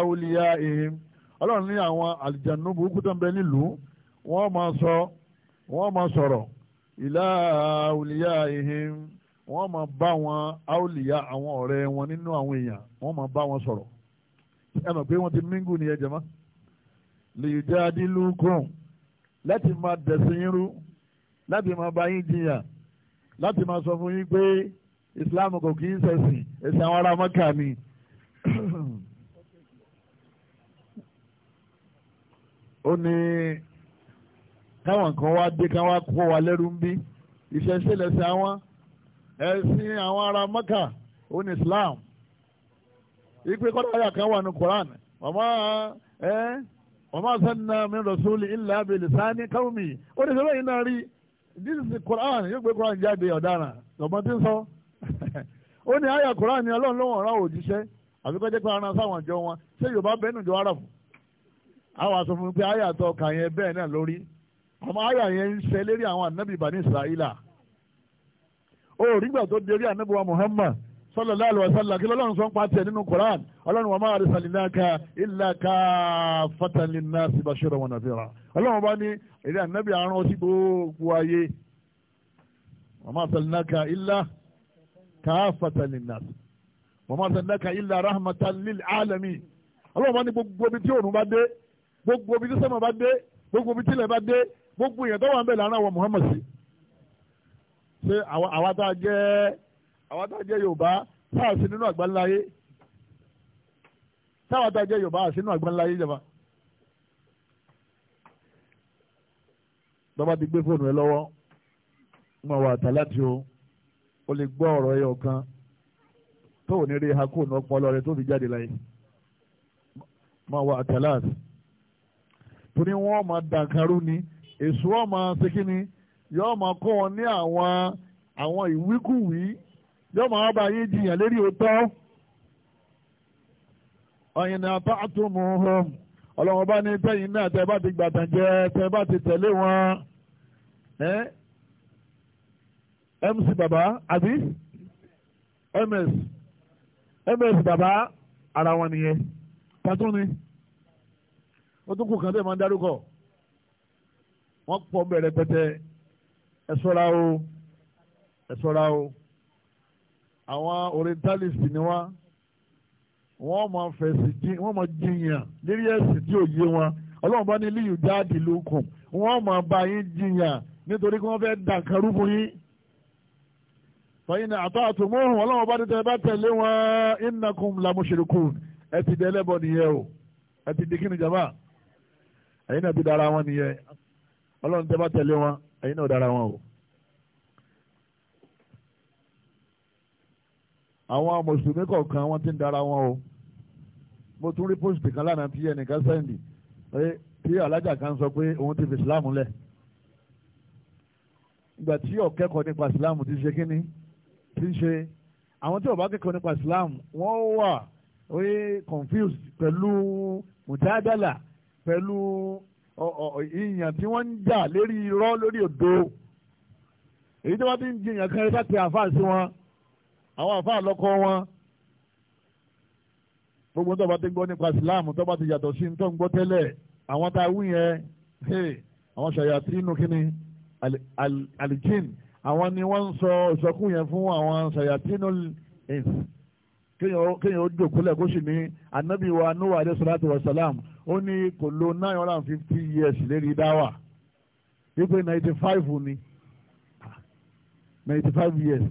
awliyaihim ọlọ́run ní àwọn àlìjànú burúkú tó ń bẹ nílùú wọ́n máa sọ wọ́n máa sọ̀rọ̀ ila awliyaihim wọ́n máa bá wọn áwòlìyá àwọn ọ̀rẹ́ wọn nínú àwọn èèyàn wọ́n máa bá wọn sọ̀rọ̀ ẹ mọ̀ pé wọ́n ti mingu ni ẹ jẹ̀mọ́ lè jẹ́ adílùkùn láti máa dẹ̀sìn irú láti máa bá yín jiyàn láti máa sọ fún yín pé Islam kò kì í ṣẹ̀sìn ẹ̀sìn àwọn ará Mẹ́kà ni. ó ní káwọn kan wá dé káwọn kó wa lẹ́rú ń bí ìṣẹ̀ṣẹ̀lẹ̀sìn àwọn. ẹ̀sìn àwọn ará mọ́kà ó ní islam ìpè kọ́dà ayà kan wà ní koran ọmọ ẹ ọmọ sanna min rasuli illa bi lisani qaumi ó ní sọ́wọ́ yìí náà rí this is koran yóò gbé koran jáde ọ̀daràn lọ́mọ tí ń sọ ó ní ayà ni ọlọ́run lọ́wọ́ ọ̀rá òjíṣẹ́ pé ara sáwọn àjọ wọn ṣé yorùbá bẹ́ẹ̀nù jọ árabù àwọn àsọfún pé ayà tó kà yẹn bẹ́ẹ̀ náà lórí ọmọ ayà yẹn ń lérí àwọn israila ó rí gbà tó dérí ànábùwà Muhammad sallallahu alaihi wasallam kí lọ́lọ́run sọ ń pa tiẹ̀ nínú Quran ọlọ́run wa ma arsalnaka illa kaffatan linnasi bashiran wa nadhira ọlọ́run bá ní èrè ànábì àrùn ọtí gbogbo ayé wa ma arsalnaka illa kaffatan linnasi wa ma arsalnaka illa rahmatan lil alamin ọlọ́run bá ní gbogbo ibi tí òòrùn bá dé gbogbo ibi tí sẹ́mọ̀ bá dé gbogbo ibi tí ilẹ̀ bá dé gbogbo ìyẹn tó wà ń bẹ̀ lánàá wọ Muhammad sí ṣé àwa tá a jẹ́ àwa tá a jẹ́ Yorùbá táà sí nínú àgbáńláyé táwa tá a jẹ́ Yorùbá àsínú àgbáńláyé jọba. bàbá ti gbé fóònù ẹ lọ́wọ́ ń máa wà tà láti o ó lè gbọ́ ọ̀rọ̀ ẹyọ kan tó ò ní rí hakóònù ọpọlọ rẹ tó fi jáde láyé máa wà tà torí wọ́n máa dàkàrú ni èso ọ̀ máa ni yóò máa kó wọn ní àwọn àwọn ìwíkúwí yóò máa bá yín jiyàn lérí òótọ́ ọ̀yìnà mu hàn ọlọ́run bá ní tẹ́yìn náà tẹ́ bá ti gbàtàn jẹ tẹ́ bá ti tẹ̀lé wọn mc baba àbí ms ms baba ara wọn nìyẹn pàtó ni ó tún kù kàn tẹ́ máa ń dárúkọ wọ́n pọ̀ bẹ̀rẹ̀ pẹ̀tẹ́ ẹ ṣọ́ra o ẹ ṣọ́ra o àwọn orientalist ni wá wọ́n máa fẹ̀sì jìn wọ́n máa jiyàn lérí ẹ̀sìn tí ò yé wọn ọlọ́run bá ní líyù jáde lókun wọ́n máa bá yín jiyàn nítorí kí wọ́n fẹ́ dà kan yín fẹ̀yìn ní àtọ́ àtòmóhùn ọlọ́run ní tẹ́ bá tẹ̀lé wọn innakum la ẹ ti dẹ́ ẹlẹ́bọ nìyẹn o ẹ ti di kí ni náà ti dára wọn nìyẹn ọlọ́run tẹ́ bá tẹ̀lé wọn ẹ̀yin náà dára wọn o. àwọn mùsùlùmí kọ̀ọ̀kan wọ́n ti ń dára wọn o mo tún rí pósìtì kan lánàá tí ẹnìkan sẹ́ǹdì pé tí alájà kan sọ pé òun ti fi ìsìláàmù lẹ̀ ìgbà tí ó kẹ́kọ̀ọ́ nípa Islam ti ṣe kínní ti ń ṣe àwọn tí ó bá kẹ́kọ̀ọ́ nípa ìsìláàmù wọ́n wà ó confused pẹ̀lú mùtádàlà pẹ̀lú ìyàn tí wọ́n ń jà lérí irọ́ lórí òdo èyí tí wọ́n ti ń jiyàn kan ẹ̀ka ti àfáà sí wọn àwọn àfáà lọ́kọ́ wọn gbogbo tó bá ti gbọ́ nípa Islam tó bá ti yàtọ̀ sí tó ń gbọ́ tẹ́lẹ̀ àwọn tá a wí yẹn àwọn ṣàyàtì inú kínní alijin àwọn ni wọ́n ń sọ ìsọkún yẹn fún àwọn ṣàyàtì inú kéèyàn ó jòkúlẹ̀ kó sì ní anabi wa nuwa alayhi salatu wa salam ó ní kò lo nine hundred and fifty years lérí dáwà wípé ninety five ni ninety five years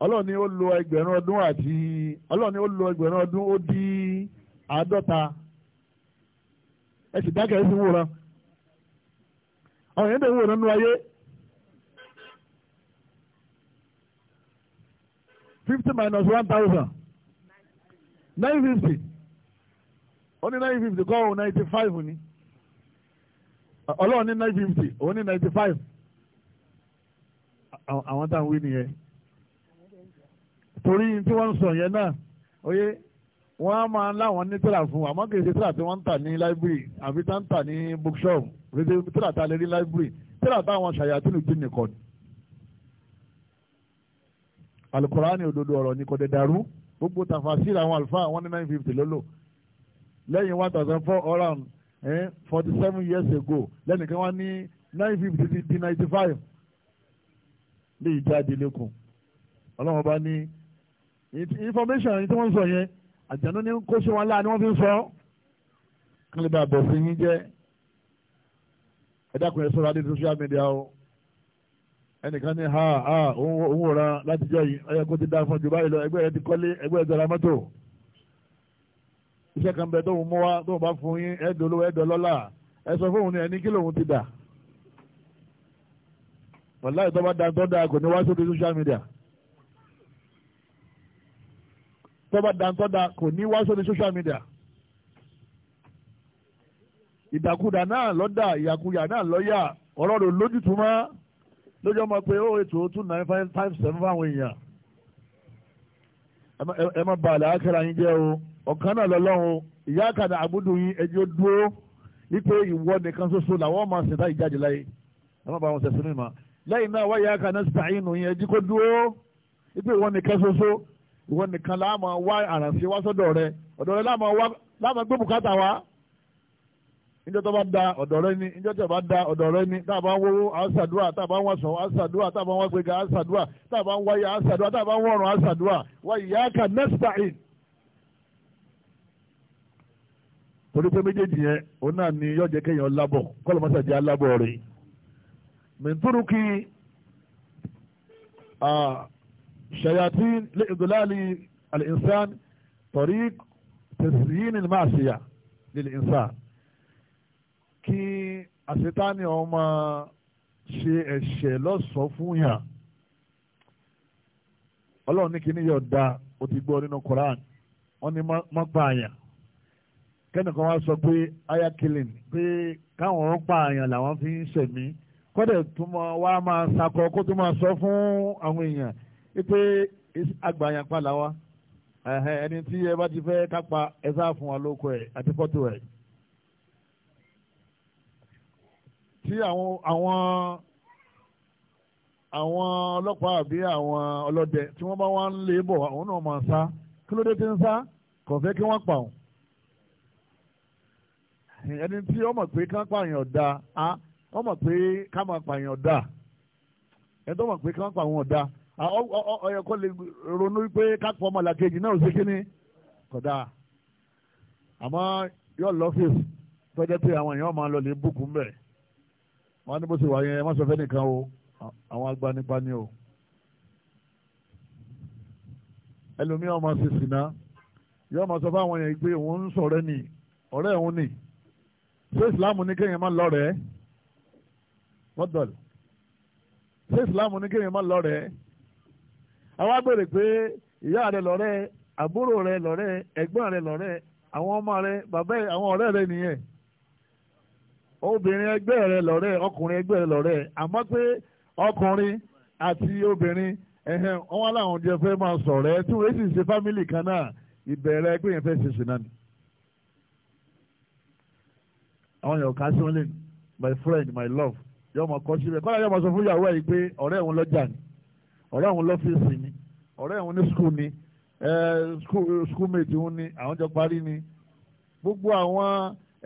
ọlọ́ọ̀ni ó lo ẹgbẹ̀rún ọdún àti ọlọ́ọ̀ni ó lo ẹgbẹ̀rún ọdún ó dín àádọ́ta ẹ sì dákẹ́ ẹ sì wòran àwọn èèyàn dẹ̀ wòran nínú ayé fifty minus one thousand nine fifty ó ní nine fifty kọ́ òun ninety five ni ọlọ́run ní nine fifty òun ní ninety five àwọn táwọn wí nìyẹn torí tí wọ́n ń sọ yẹn náà oyè wọ́n á máa láwọn ní tíra fún àmọ́ kì í ṣe tíra tí wọ́n ń tà ní library àbí tá ń tà ní bookshop kì í ṣe tíra tá a lè rí library tíra táwọn ṣàyàtìlù jí nìkan ni alukurani òdodo ọ̀rọ̀ ni kò dẹ̀ dàrú gbogbo tàfàṣìlì àwọn àlùfáà wọ́n ní nine fifty lólò lẹ́yìn one thousand four hundred and eh, forty seven years ago lẹ́nìkan wá ní nine fifty di ninety five lè jáde lẹ́kùn ọlọ́run bá ní information yìí tí wọ́n ń sọ yẹn àjànú ní kó ṣe wọn láà ni wọ́n fi ń sọ kí ló bá bọ̀ sí yín jẹ́ ẹ dákun ẹ sọ̀rọ̀ adé social media o ẹnìkan ní ha ha òun òun wòran látijọ́ yìí ọ̀yẹ́ kó ti dá fún ju báyìí lọ ẹgbẹ́ rẹ ti kọ́lé ẹgbẹ́ rẹ ti ra mọ́tò iṣẹ́ kan bẹ tóun mú wá tóun bá fún yín ẹ̀dùn olówó ẹ̀dùn ọlọ́lá ẹ sọ fóun ní ẹni kí lòun ti dà wàlá ìtọ́ bá da tọ́ da kò ní wá sórí social media tọ́ bá da tọ́ da kò ní wá sórí social media ìdàkudà náà lọ́dà ìyàkuyà náà lọ́yà ọ̀rọ̀ rẹ̀ lójútùmọ́ lójú ọmọ pé ó ètò two nine five five seven fáwọn èèyàn ẹ má bàa làákàrà yín jẹ́ o ọ̀kan náà lọ́lọ́run ìyá àkàdà àbúdù yín ẹjọ́ dúró wípé ìwọ nìkan ṣoṣo làwọn máa ṣẹ̀dá ìjáde láyé àwọn bá wọn ṣẹ̀ sínú ìmọ̀ lẹ́yìn náà wáyé àkàdà sàáyìn yín ẹjí kó dúró wípé ìwọ nìkan ṣoṣo ìwọ nìkan la máa wá àrànṣe wá sọ́dọ̀ rẹ ọ̀dọ̀ rẹ la máa gbé bùkátà wá níjọ́ tó bá da ọ̀dọ̀ rẹ ni níjọ́ tó bá da ọ̀dọ̀ rẹ ni tá a bá ń wọ́wọ́ àṣàdúrà tá a bá ń wàṣọ àṣàdúrà tá a bá ń wàgbéga àṣàdúrà tá a bá ń wáyà àṣàdúrà tá a bá ń wọ̀rùn àṣàdúrà wáyà kà nẹ́sítàìn torí pé méjèèjì yẹn òun náà ni yọjẹ kéèyàn lábọ kọlọmọsà jẹ alábọ rẹ mìtúrú kí ṣayàtí lẹ́gbẹ̀láàlì alìsàn torí tẹ̀síyìn ní máa ṣìyà lílẹ̀ ìsàn kí àṣetáni ọmọ ṣe ẹ̀ṣẹ̀ lọ́sọ̀ọ́ fún yàn ọlọ́run ní kíní yọ̀ da ó ti gbọ́ nínú Koran wọ́n ní má pààyàn kẹ́nìkan wá sọ pé aya killing pé káwọn ń pa àyàn làwọn fi ń ṣẹ̀mí kọ́dẹ̀ tó máa wá máa sakọ kó tó máa sọ fún àwọn èèyàn pé agbàyàn pa làwa ẹni tí ẹ bá ti fẹ́ kápá ẹ sá fún wa lóko ẹ̀ àti fọ́tò ẹ̀. tí àwọn àwọn àwọn ọlọ́pàá àbí àwọn ọlọ́dẹ tí wọ́n bá wá ń lé bọ̀ àwọn náà máa sá kí ló dé tí ń sá kò fẹ́ kí wọ́n pa òun ẹni tí ó mọ̀ pé ká pààyàn ọ̀dà á ó mọ̀ pé ká máa pààyàn ọ̀dà ẹni tó mọ̀ pé ká pààyàn ọ̀dà ọyọ kọ́ lè ronú pé ká pọ̀ ọmọ làkejì náà ṣe kíni kódà àmọ́ yóò lọ fèsì tọ́jọ́ pé àwọn èèyàn máa lọ lè bùkún bẹ̀ wọ́n ní bó ṣe wà yẹn ẹ má sọ fẹ́ nìkan o àwọn agbanipa ni o ẹlòmíràn máa ṣe sìnà yóò máa sọ fún àwọn èèyàn pé òun ń sọ̀rẹ́ ni ọ̀rẹ́ òun ni ṣé ìsìláàmù ní kéèyàn má lọ rẹ̀ mọ́tọ̀lù ṣé ìsìláàmù ní kéèyàn má lọ rẹ̀ àwa gbèrè pé ìyá rẹ̀ lọ́rẹ́ àbúrò rẹ̀ lọ́rẹ́ ẹ̀gbọ́n rẹ̀ lọ́rẹ́ àwọn ọmọ rẹ̀ bàbá àwọn ọ̀rẹ́ rẹ̀ nìyẹn obìnrin ẹgbẹ́ rẹ̀ lọ́rẹ́ ọkùnrin ẹgbẹ́ rẹ̀ lọ́rẹ́ àmọ́ pé ọkùnrin àti obìnrin ẹ̀hẹ̀n wọn láwọn jẹ fẹ́ máa sọ̀rẹ́ tí wọ́n sì ṣe fámìlì kan náà ìbẹ̀rẹ̀ ẹgbẹ́ yẹn fẹ́ ṣe ṣe náà ni àwọn èèyàn kà sí wọn my friend my love yóò mọ kọ́ síbẹ̀ kọ́lá yóò mọ sọ fún ìyàwó ẹ̀ pé ọ̀rẹ́ òun lọ́jà ni ọ̀rẹ́ òun lọ́fíìsì ni ọ̀rẹ́ òun ní skul ni skúlmẹ̀tì òun ni àwọn jọ parí ni gbogbo àwọn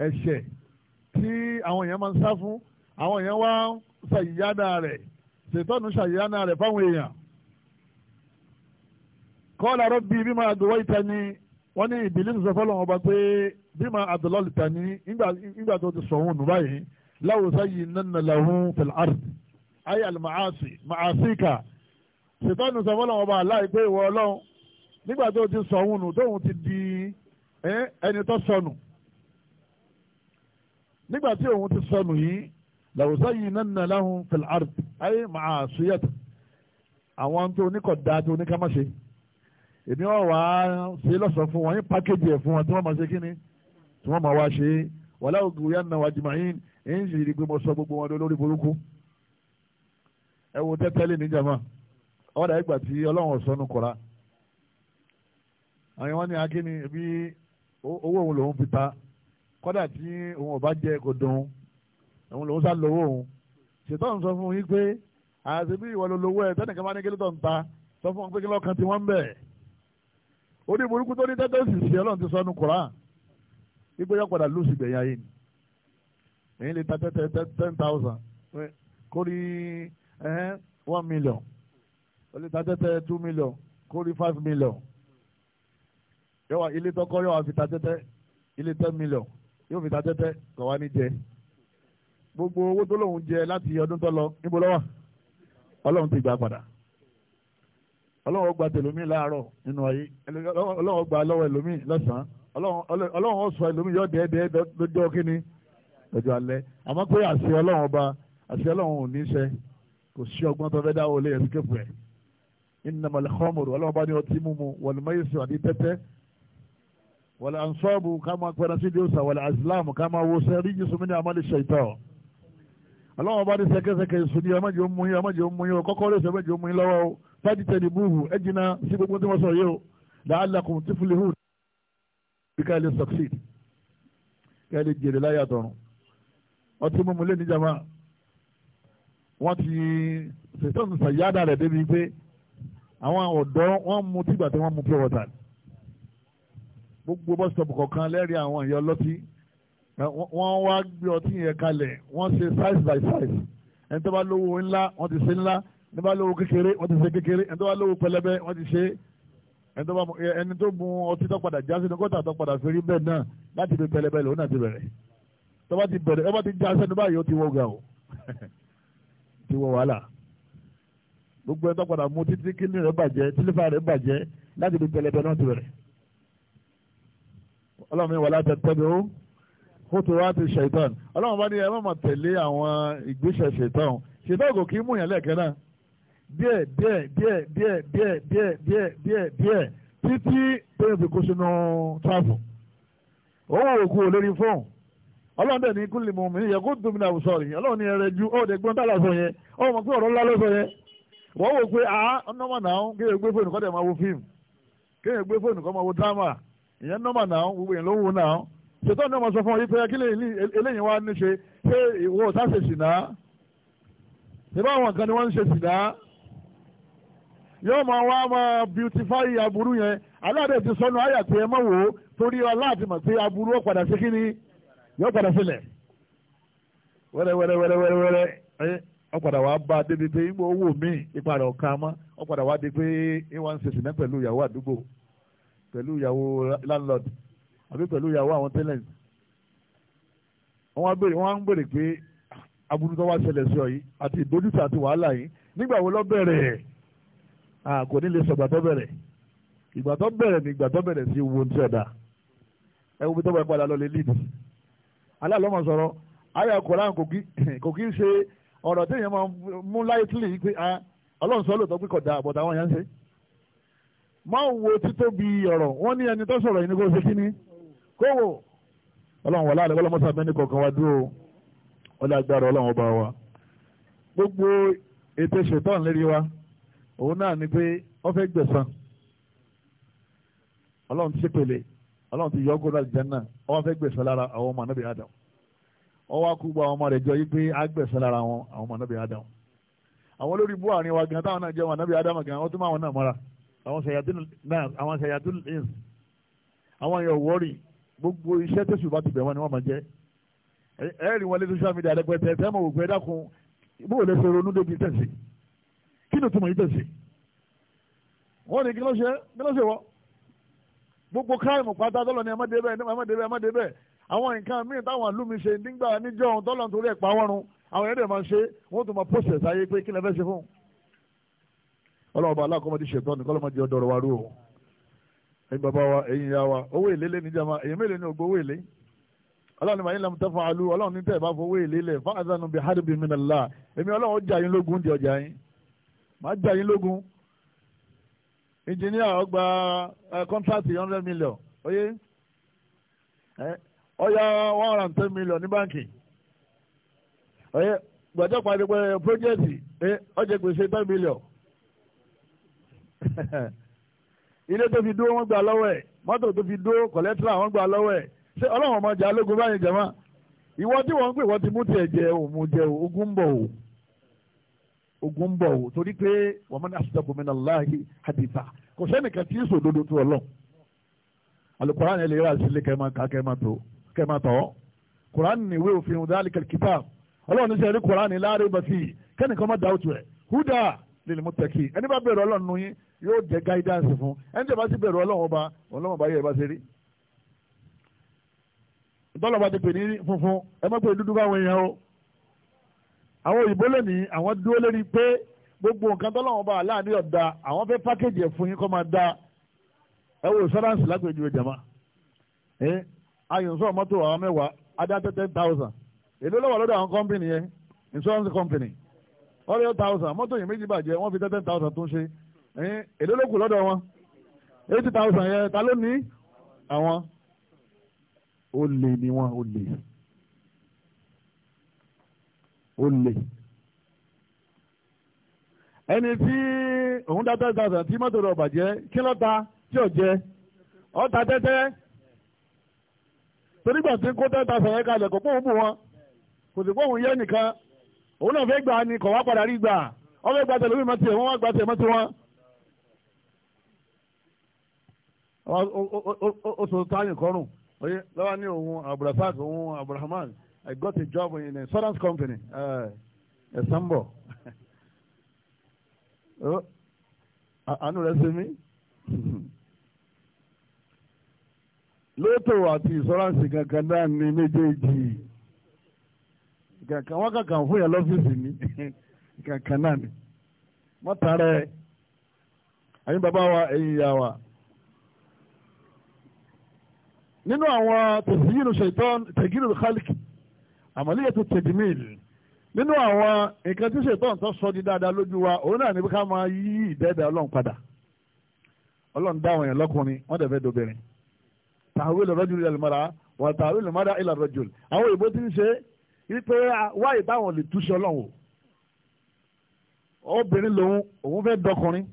ẹ̀ṣẹ̀ tí àwọn èèyàn máa ń sá fún àwọn èèyàn wá ń ṣàyíyáná rẹ̀ ṣètọ́nù ṣàyíyáná rẹ̀ fáwọn èèyàn kọ́lá rọ́bì bí máa dùwọ́ ìtẹ́ni wọ́n ní ìbílísì sọ fọ́lọ́wọ́n ọba pé bímọ abdullahi tani nígbà tó ti sọ̀hún nù báyìí láwùsá yìí nánà làwọn fil ard ayé alimaasi maasika ṣètọ́nù sọ fọ́lọ́wọ́n ọba aláì pé ìwọ ọlọ́run nígbà tó ti sọ̀hún nù tóun ti di ẹni tó sọnù nígbà tí òun ti sọnù yìí làwùsá yìí nánà làwọn fil ard ayé maasiyat àwọn tó oníkọ̀dá tó oníkàmáṣe èmi ọ̀ wá ṣe lọ́sọ̀ fún wọn yín pákéjì ẹ̀ fún wọn tí wọ́n máa ṣe kí ni tí wọ́n máa wá ṣe wàlá ògùn ìyá nà wà jìmọ̀ yín èyí sì rí i pé mo sọ gbogbo wọn lórí burúkú ẹ wo tẹ́tẹ́lẹ̀ níjàmá ọ̀dà ìgbà tí ọlọ́run ọ̀sọ́nu kọ̀ra àwọn wọn ní akíní bí owó òun lòun fi ta kọ́dà tí òun ò bá jẹ kò dùn òun lòun sá lówó òun ṣètò ń sọ fún yín pé àti bí ẹ tẹ́nìkan bá ní kí ló tọ̀ ń ta sọ fún wọn pé kí lọ́ọ̀kan tí wọ́n ń bẹ̀ẹ́ orí burúkú tó ní tẹ́tẹ́ sì ṣe ọlọ́run ti sọ nu koran wípé yọ padà lóṣù gbẹ̀yìn ayé ni èyí lè ta tẹ́tẹ́ ten thousand kórí one million ó lè ta tẹ́tẹ́ two million kórí five million yọwọ ilé tọkọ yọwọ fi ta tẹ́tẹ́ ilé ten million yóò fi ta tẹ́tẹ́ kọ̀ wá ní jẹ gbogbo owó tó lòun jẹ láti ọdún tó lọ níbo lọ́wọ́ ọlọ́run ti gbà padà ọlọ́run gba tẹ̀lómi láàárọ̀ nínú ayé ọlọ́run gba lọ́wọ́ ẹlòmí lọ́sàn-án ọlọ́run sọ ẹlòmí yọ dẹ́ẹ́dẹ́ lọ́jọ́ kínní lọ́jọ́ alẹ́ àmọ́ pé àṣẹ ọlọ́run ọba àṣẹ ọlọ́run ò ní ṣe kò sí ọgbọ́n tó fẹ́ dá olè ẹ̀sìkẹ́pù ẹ̀ innamal khamru ọlọ́run bá ní ọtí mímu wal maisir àti tẹ́tẹ́ wal ansabu ká máa pẹ́ran sí diosa wal azlam ká máa sẹ́rí jésù mi ní amali shaitan ọlọ́run bá ní sẹ́kẹ́sẹ́kẹ́ ìsúnni ọmọdé ó mú yín ọmọdé mú yín ọkọ́kọ́ rẹ̀ sẹ́mẹ́dé ó mú lọ́wọ́ fadi tẹ̀lé búhù ẹ jìnnà sí gbogbo tí wọ́n sọ yìí o làálàkùn tí fúlihù bí ká lè succeed ká lè jèrè láyà tọ̀run ọtí mímu lé níjàmá wọ́n ti ṣètọ́sì sàyádà rẹ̀ débi pé àwọn ọ̀dọ́ wọ́n mu tìgbà tí wọ́n mu pure water gbogbo bus kọ̀ọ̀kan lẹ́rìí àwọn ìyá ọlọ́tí wọ́n wá gbé ọtí yẹn kalẹ̀ wọ́n ṣe size by size ẹni tó bá lówó ńlá wọ́n ti ṣe ńlá ní bá lówó kékeré wọ́n ti ṣe kékeré ẹni tó bá lówó pẹlẹbẹ wọ́n ti ṣe ẹni tó mu ọtí tó padà já sínú kọ́tà tó padà fi rí bẹ́ẹ̀ náà láti fi pẹlẹbẹ lòun náà ti bẹ̀rẹ̀ tó bá ti bẹ̀rẹ̀ tó bá ti já sẹ́nu báyìí ó ti wọ ga o ti wọ wàhálà gbogbo ẹni tó padà mu títí kíní rẹ̀ bàjẹ́ tílífà rẹ̀ bàjẹ́ láti fi pẹlẹbẹ náà ti bẹ̀rẹ̀ ọlọ́run mi wà láti tẹ́bi ó kótó wá ti ṣètàn díẹ̀ díẹ̀ díẹ̀ díẹ̀ díẹ̀ díẹ̀ díẹ̀ díẹ̀ díẹ̀ títí tóyẹ fi kó sínú tíráàbù òun ò kú lórí fóun ọlọ́run dẹ̀ ní kúlì mọ̀ mí yẹ kó domina àwùsọ rẹ̀ ọlọ́run ní ẹrẹ ju ó dẹ̀ gbọ́n tààlà sọ yẹn ó mọ̀ pé ọ̀rọ̀ ńlá ló sọ yẹn wọ́n wò pé àá nọ́mà náà kéèyàn gbé fóònù kọ́ dẹ̀ máa wo fíìmù kéèyàn gbé fóònù kọ́ máa wo dírámà ìyẹn nọ́mà náà gbogbo yẹn ló wò náà ṣètò ọ̀nà ọmọ sọ fún ọ yìí pé kí eléyìí wá ní ṣe ṣé ìwọ ọ̀tá yóò máa wá máa beautify aburú yẹn aláàdé ti sọnù àyà pé ẹ má wò ó torí aláàtì mọ̀ pé aburú ó padà sí kí ni yóò padà sílẹ̀ wẹ́rẹ́wẹ́rẹ́wẹ́rẹ́wẹ́rẹ́ ẹ ó padà wá bá a débi pé ìgbà owó mi ipa rẹ̀ ọ̀ka mọ́ ó padà wá di pé ìwọ̀n ń ṣèṣìná pẹ̀lú ìyàwó àdúgbò pẹ̀lú ìyàwó landlord àbí pẹ̀lú ìyàwó àwọn tenant wọ́n wá ń béèrè pé ah, aburú tó wá ṣẹlẹ̀ sí ọ yìí àti ìdójútì àti wàhálà yìí nígbà wo ló bẹ̀rẹ̀ kò ní lè sọ ìgbà tó bẹ̀rẹ̀ ìgbà bẹ̀rẹ̀ ni ìgbà tó bẹ̀rẹ̀ sí wo ti ọ̀dà ẹ wo bí tó bá padà lọ lè lead aláàlọ́mọ sọ̀rọ̀ ayé koran kò kí ń ṣe ọ̀rọ̀ téèyàn máa mú lightly pé ọlọ́run sọ lóòótọ́ pé kódà àbọ̀tà àwọn yẹn ń ṣe máa ń wo títóbi ọ̀rọ̀ wọ́n ní ẹni tó sọ̀rọ̀ yìí ni kò ṣe kí ni kó wò ọlọ́run wà láàrin ọlọ́mọ sábẹ́ ní kọ̀ọ̀kan wá dúró ọlọ́run agbára ọlọ́run ọba wa gbogbo ètò ṣètọ́n lérí wa òun náà ni pé wọ́n fẹ́ gbẹ̀san ọlọ́run ti ṣépele ọlọ́run ti yọgò láti jẹ́nà wọ́n fẹ́ gbẹ̀san lára àwọn ọmọ anábì adam wọ́n wá kú gba àwọn ọmọ rẹ̀ jọ yí pé á gbẹ̀san lára àwọn ọmọ anábì adam àwọn olórí bú àárín wa gan táwọn náà jẹ́ wọn anábì adam gan wọ́n tún máa wọn náà mọ́ra àwọn ṣàyàtú ins àwọn èèyàn wọ́ọ̀rì gbogbo iṣẹ́ tẹ̀sù bá ti bẹ̀ wọ́n ni wọ́n máa jẹ́ ẹ̀ẹ́rì wọn social media rẹpẹtẹ tẹ́mọ̀ òpin ẹ̀dá kun bóòlù ẹ̀fẹ̀ ronú débi tẹ̀sí kí ni ìtumọ̀ yìí tẹ̀sí wọ́n ní kí ló ṣe kí ló ṣe wọ́ gbogbo káìmù pátá tọ́lọ̀ ní ẹmọ́dé bẹ́ẹ̀ ẹmọ́dé bẹ́ẹ̀ ẹmọ́dé bẹ́ẹ̀ àwọn nǹkan míì táwọn àlùmí ṣe nígbà níjọ́ ohun tọ́lọ̀ nítorí ẹ̀pá wọ́run àwọn ẹ̀rẹ́ máa ń ṣe wọ́n tún máa process ayé pé kí lẹ fẹ́ ṣe fún un. ọlọ́ọ̀bà aláàkọ́mọdé ṣètọ́ ni kọ́lọ́mọ jẹ́ ọ̀dọ́rọ̀ wa rú o ẹ̀yin bàbá wa ẹ̀yin ya wa owó èlé lé níjàmá èyàn mélòó ni ògbó owó èlé ọlọ́run máa ń lam tẹ́fà alu ọlọ́run ní tẹ́ẹ̀ bá fowó èlé lẹ̀ fáadánù bíi hádùbí mi nàlá èmi ọlọ́run ó jà yín lógun di ọjà yín màá jà yín lógun engineer ọgbà eh, contract hundred million oyè ọyà eh, one hundred and ten million ní báǹkì oyè gbàjọ́ pàdé pé project ọjọ́ eh, gbèsè ten million ilé tó fi dúró wọn gbà lọwọ ẹ̀ mọ́tò tó fi dúró kọ̀lẹ́tìrà wọ́n gbà lọ́wọ́ ẹ̀ ṣé ọlọ́run ọmọ jà lógun báyìí jẹ̀mọ́ ìwọ tí wọ́n ń pè wọ́n ti mú tiẹ̀ jẹ òun jẹ ogun ń bọ̀ o. ogun ń bọ̀ wò torí pé wọ́n mọ́ni asadabu minallahi haditha kò sẹ́nìkan tí yéṣu òdodo tó ọlọ́ alukóran ẹ̀ lè ra àṣìlẹ̀ kẹ́ máa ká kẹ́ máa tó kẹ́ máa tọ́ kóran ní ìwé òfin dhalika alkitab ọlọ́run ṣe rí kóran ní la riba fi kẹ́nìkan má dá òtù ẹ̀ húdà lil muttaqi ẹni bá bẹ̀rù ọlọ́run yín yóò jẹ́ guidance fún ẹni tí a bá ti bẹ̀rù ọlọ́run ọba ọlọ́run ọba yẹ ẹ bá ṣe rí ìtọ́lọ́ba ti pè ní funfun ẹ má pè dúdú báwọn èèyàn o àwọn òyìnbó lónìí àwọn dúró lórí pé gbogbo nǹkan tọ́lọ́wọ́n bá aláàánú ọ̀dà àwọn fẹ́ pákéjì ẹ̀ fún yín kọ́ máa da ẹ wo insurance lágbèjì rẹ̀ jàmá ẹ ayùn sọ mọ́tò àwọn mẹ́wàá adájọ́ ten thousand èló lọ́wọ́ lọ́dọ̀ àwọn company yẹn insurance company wọ́n yọ thousand mọ́tò yìí méjì bàjẹ́ wọ́n fi ten thousand tún ṣe èló ló kù lọ́dọ̀ wọn eighty thousand yẹn ta ló ní àwọn olè ni wọn olè ó lè ẹni tí òun dá ten thousand tí mọ́tò rẹ̀ kí ló ta jẹ ta tẹ́tẹ́ tí kó yẹn kalẹ̀ bù wọn kò sì nìkan ni kò wá padà rí gbà fẹ́ tẹ̀lé mọ́tì wọ́n wá tẹ̀lé mọ́tì lọ́wọ́ ní òun I got a job in a insurance company ẹ̀sán bọ̀ I know ṣe mí lóòótọ́ àti ìsọ́ránsì kankan náà ni méjèèjì kankan wọ́n kankan fún yẹn lọ́fíìsì ni kankan náà ni wọ́n tààrẹ ẹ̀yin bàbá wa ẹ̀yin ìyá wa. nínú àwọn tẹ̀síyìnù ṣètọ́n tẹ̀gínù kálíkì àmọ́lẹ́yẹ tó tẹ̀dí míìlì nínú àwọn nǹkan tí ṣètò ọ̀tọ̀ sọ di dáadáa lójú wa òun náà ní ká máa yí ìdẹ́dẹ́ ọlọ́run padà ọlọ́run dá àwọn èèyàn lọ́kùnrin wọ́n dẹ̀ fẹ́ dobìnrin tàwé lọ́rọ́jù ìlàlùmọ́ra wọ́n tàwé lọ́mọ́ra ìlàrọ́jù àwọn òyìnbó ti ń ṣe wípé wáyé báwọn lè túṣe ọlọ́run o obìnrin lòun òun fẹ́ dọkùnrin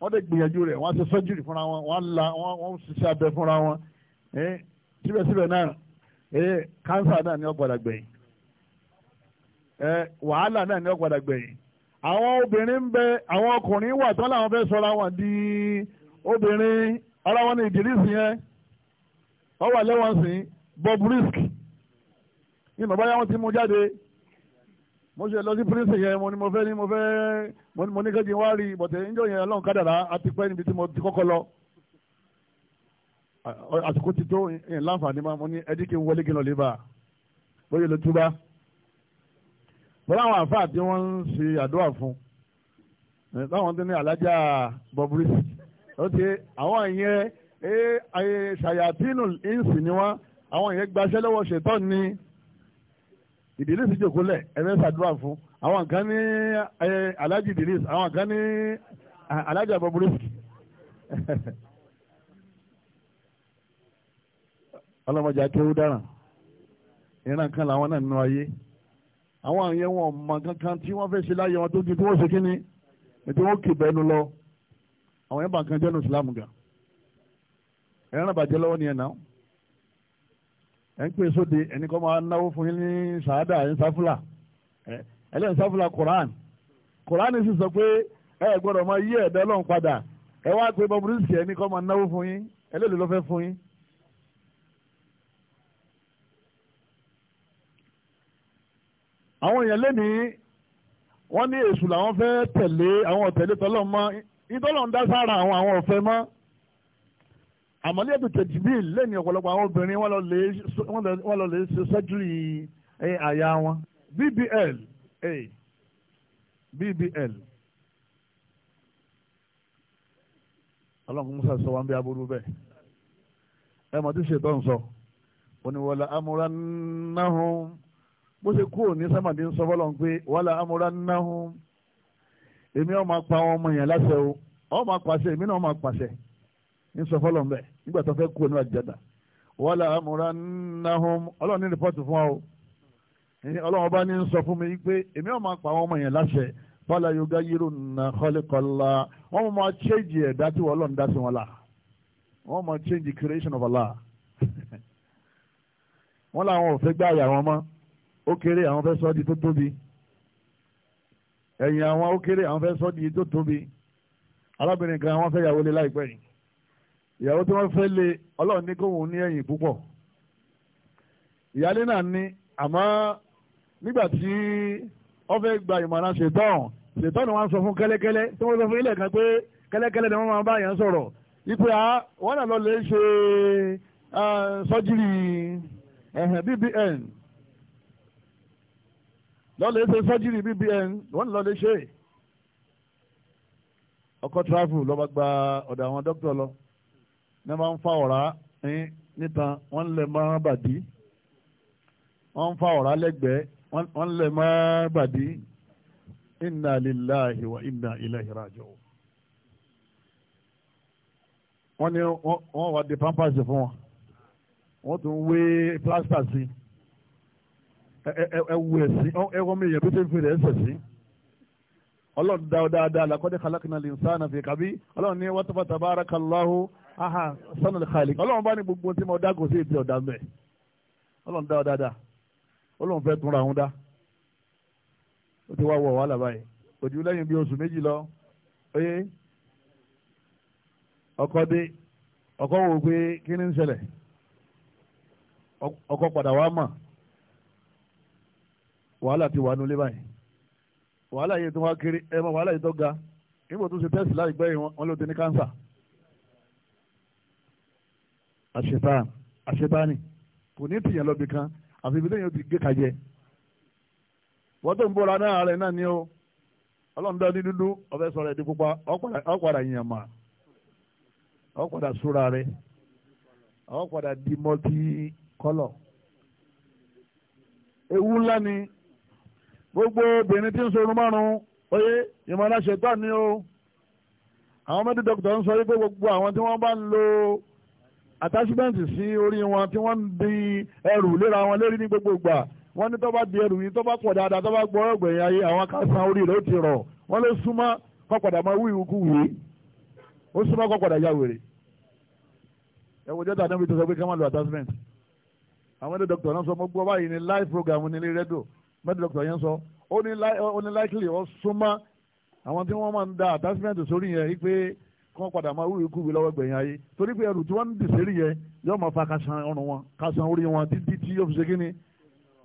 wọ́n dẹ̀ gbìyànjú rẹ̀ wọ́n ti sọ́júrì fúnra wọn wọ́n la wọ́n ṣiṣẹ́ abẹ fúnra wọn síbẹ̀síbẹ̀ náà kánsà náà ni ó padà wàhálà náà ní ọ̀padà gbẹ̀yìn àwọn obìnrin ń bẹ àwọn ọkùnrin wà tán làwọn fẹ́ sọra wọn di obìnrin ara wọn ní ìdírísì yẹn wọ́n wà lẹ́wọ̀n sí bob risk ní bàbá yà wọ́n ti mú jáde mo yẹn mo ni mo fẹ́ mo fẹ́ mo ní yẹn ọlọ́run àti pẹ́ níbi tí mo ti kọ́kọ́ lọ àsìkò ti tó láǹfààní mo ní ẹdí pẹ̀lú àwọn àfáà tí wọ́n ń ṣe àdúrà fún láwọn tó ní alájà bọ̀bùrìsì ó ti àwọn ìyẹn ṣàyàtínù ìǹsì ni wọ́n àwọn ìyẹn gbaṣẹ́ lọ́wọ́ ṣètọ́n ní Ìdílísì jòkólẹ̀ ẹ̀fẹ́ ṣàdúrà fún àwọn kan ní alájì Ìdílísì àwọn kan ní alájà bọ̀bùrìsì. ọlọ́mọdé akéwú dáràn ìran kan làwọn náà nínú ayé àwọn àyẹ̀ wọn mọ kankan tí wọ́n fẹ́ ṣe láyé wọn tó ju tí wọ́n ṣe kí ni ètò wọn kì bẹ́ẹ̀ nu lọ àwọn yẹn bá kan jẹ́nu ìsìlámù ga ẹ̀rọ bàjẹ́ lọ́wọ́ ni ẹ̀ náà ẹ̀ ń pè sóde ẹni kọ́ máa náwó fún yín ní sàádà ẹ̀ ń sáfúlà ẹlẹ́yìn sáfúlà koran koran sì sọ pé ẹ gbọ́dọ̀ máa yí ẹ̀dá ọlọ́run padà ẹ wá pé bọ́bú rísìkì ẹni kọ́ máa náwó fún yín ẹlẹ́yìn ló fẹ́ fún yín àwọn èèyàn lẹ́ni wọ́n ní èṣù làwọn fẹ́ tẹ̀lé àwọn ọ̀tẹ̀lé tọ́lọ́ mọ́ ìtọ́lọ́ ń dá sára àwọn àwọn ọ̀fẹ́ mọ́ àmọ́lé ètò tẹ̀jìbìl lẹ́ni ọ̀pọ̀lọpọ̀ àwọn obìnrin wọ́n lọ lè ṣe sẹ́júrì àyà wọn bbl bbl ọlọ́run musa sọ wá ń bí aburú bẹ́ẹ̀ ẹ mọ̀ tí ṣètò ń sọ oníwọlá amúra náà bó ṣe kúrò ní sámàdí ń sọ fọlọ́n pé wàhálà amúra náhùn èmi ọ̀ máa pa àwọn ọmọ yẹn láṣẹ o ọ̀ máa pàṣẹ èmi náà máa pàṣẹ ń sọ fọlọ́n bẹ́ẹ̀ nígbà tó fẹ́ kúrò ní àjàdà wàhálà amúra náhùn ọlọ́run ní rìpọ́tù fún wa o ọlọ́run bá ní ń sọ fún mi pé èmi ọ̀ máa pa ọmọ yẹn láṣẹ fọlá yorùbá yìí nà kọ́lékọ́lá wọ́n mọ̀ máa change ẹ̀dá tí wọ́n lọ́n dá sí wọn la wọ́n máa change the creation of Allah wọ́n làwọn ò fẹ́ gbá àyà wọn mọ́ ó kéré àwọn fẹ́ sọ́ di tó tóbi ẹ̀yìn àwọn ó kéré àwọn fẹ́ sọ́ di tó tóbi arábìnrin kan wọ́n fẹ́ yàwó lé láìpẹ́ yìí ìyàwó tí wọ́n fẹ́ lé ọlọ́run ní kóhùn ní ẹ̀yìn púpọ̀ ìyálé náà ní àmọ́ nígbà tí wọ́n fẹ́ gba ìmọ̀ràn ṣètọ́n ṣètọ́n wọn sọ fún kẹ́lẹ́kẹ́lẹ́ tí wọ́n sọ fún ilẹ̀ kan pé kẹ́lẹ́kẹ́lẹ́ ni wọ́n máa bá yẹn sọ̀rọ̀ ipe a wọ́n náà lọ lè ṣe sọ́jírì bbn lọ́lẹ̀ ṣe sọ́jírì bbn wọ́n ní lọ́lẹ̀ ṣe ọkọ̀ travel lọ́ba gba ọ̀dọ̀ àwọn dókítà lọ ní wọ́n ń fa ọ̀rá nítan wọ́n ń lẹ̀ mọ́ bàdí wọ́n ń fa ọ̀rá lẹ́gbẹ̀ẹ́ wọ́n ń lẹ̀ mọ́ bàdí inna lillahi wa inna ilaihi raji'un. wọ́n ní wọ́n wá di pampers fún wọn wọ́n tún wé plaster sí i ẹwù ẹ̀sìn ẹwọ́ mi èèyàn bí tó ń fi rẹ̀ ẹ̀sẹ̀ sí ọlọ́run dá ọ dáadáa lakọ́dé khalaqna al-insana fi kabid ọlọ́run ní wọ́tọ́fà tabarakallahu aha sanul khaliq ọlọ́run bá ní gbogbo tí mo dá kò sí ètò ọ̀dà mẹ́ ọlọ́run dá ọ dáadáa ọlọ́run fẹ́ túnra òun dá ó ti wá wọ wàhálà báyìí òjú lẹ́yìn bí oṣù méjì lọ oyé ọkọ dé ọkọ wò pé kí ni ń ṣẹlẹ̀ ọkọ padà wá mọ̀ wàhálà ti wà nulẹ̀ báyìí wàhálà yìí tó wá kiri ẹ mọ wàhálà yìí tó ga níbo tó ṣe tẹ́sì láìpẹ́ yìí wọ́n ló ti ní kánsà àṣetán kò ní tìyàn lọ bì kan àfi ibi téèyàn ti gé kajẹ wọ́n tó ń bóra náà rẹ̀ náà ni ó ọlọ́run dá ní dúdú ọ̀fẹ́ sọ̀rọ̀ ẹ̀dín pupa súra rẹ̀ ewu ńlá ni. gbogbo obìnrin tí ń sorun márùn-ún oyè ìmọ̀lá ṣètò ni o àwọn mẹ́tí dókítà ń sọ wípé gbogbo àwọn tí wọ́n bá ń lo attachment sí orí wọn tí wọ́n ń di ẹrù léra wọn lérí ní gbogbo ìgbà wọ́n ní tó bá di ẹrù yìí tó bá pọ̀ dáadáa tó bá gbọ́ ọ̀gbẹ̀yìn ayé àwọn kásán orí rẹ̀ ó ti rọ̀ wọ́n ló súnmọ́ kọ́pọ̀dà máa wíwú kú wèé ó súnmọ́ kọ́pọ̀dà ya wèrè ẹ̀wọ̀n jọ́ta níbi tó sọ pé ká má lo attachment àwọn mẹ́tí dókítà náà sọ mọ́ gbọ́ báyìí ní live program ní ilé rédíò mẹ́tò dọ́kítà yẹn sọ ó ní likely ó súnmọ́ àwọn tí wọ́n máa ń da attachment sórí yẹn wípé kí wọ́n padà máa wúwo ikú wí lọ́wọ́ gbẹ̀yìn ayé torí pé ẹrù tí wọ́n ń dì sérí yẹn yóò máa fa kásán ọrùn wọn kásán orí wọn títí tí yóò fi ṣe kíni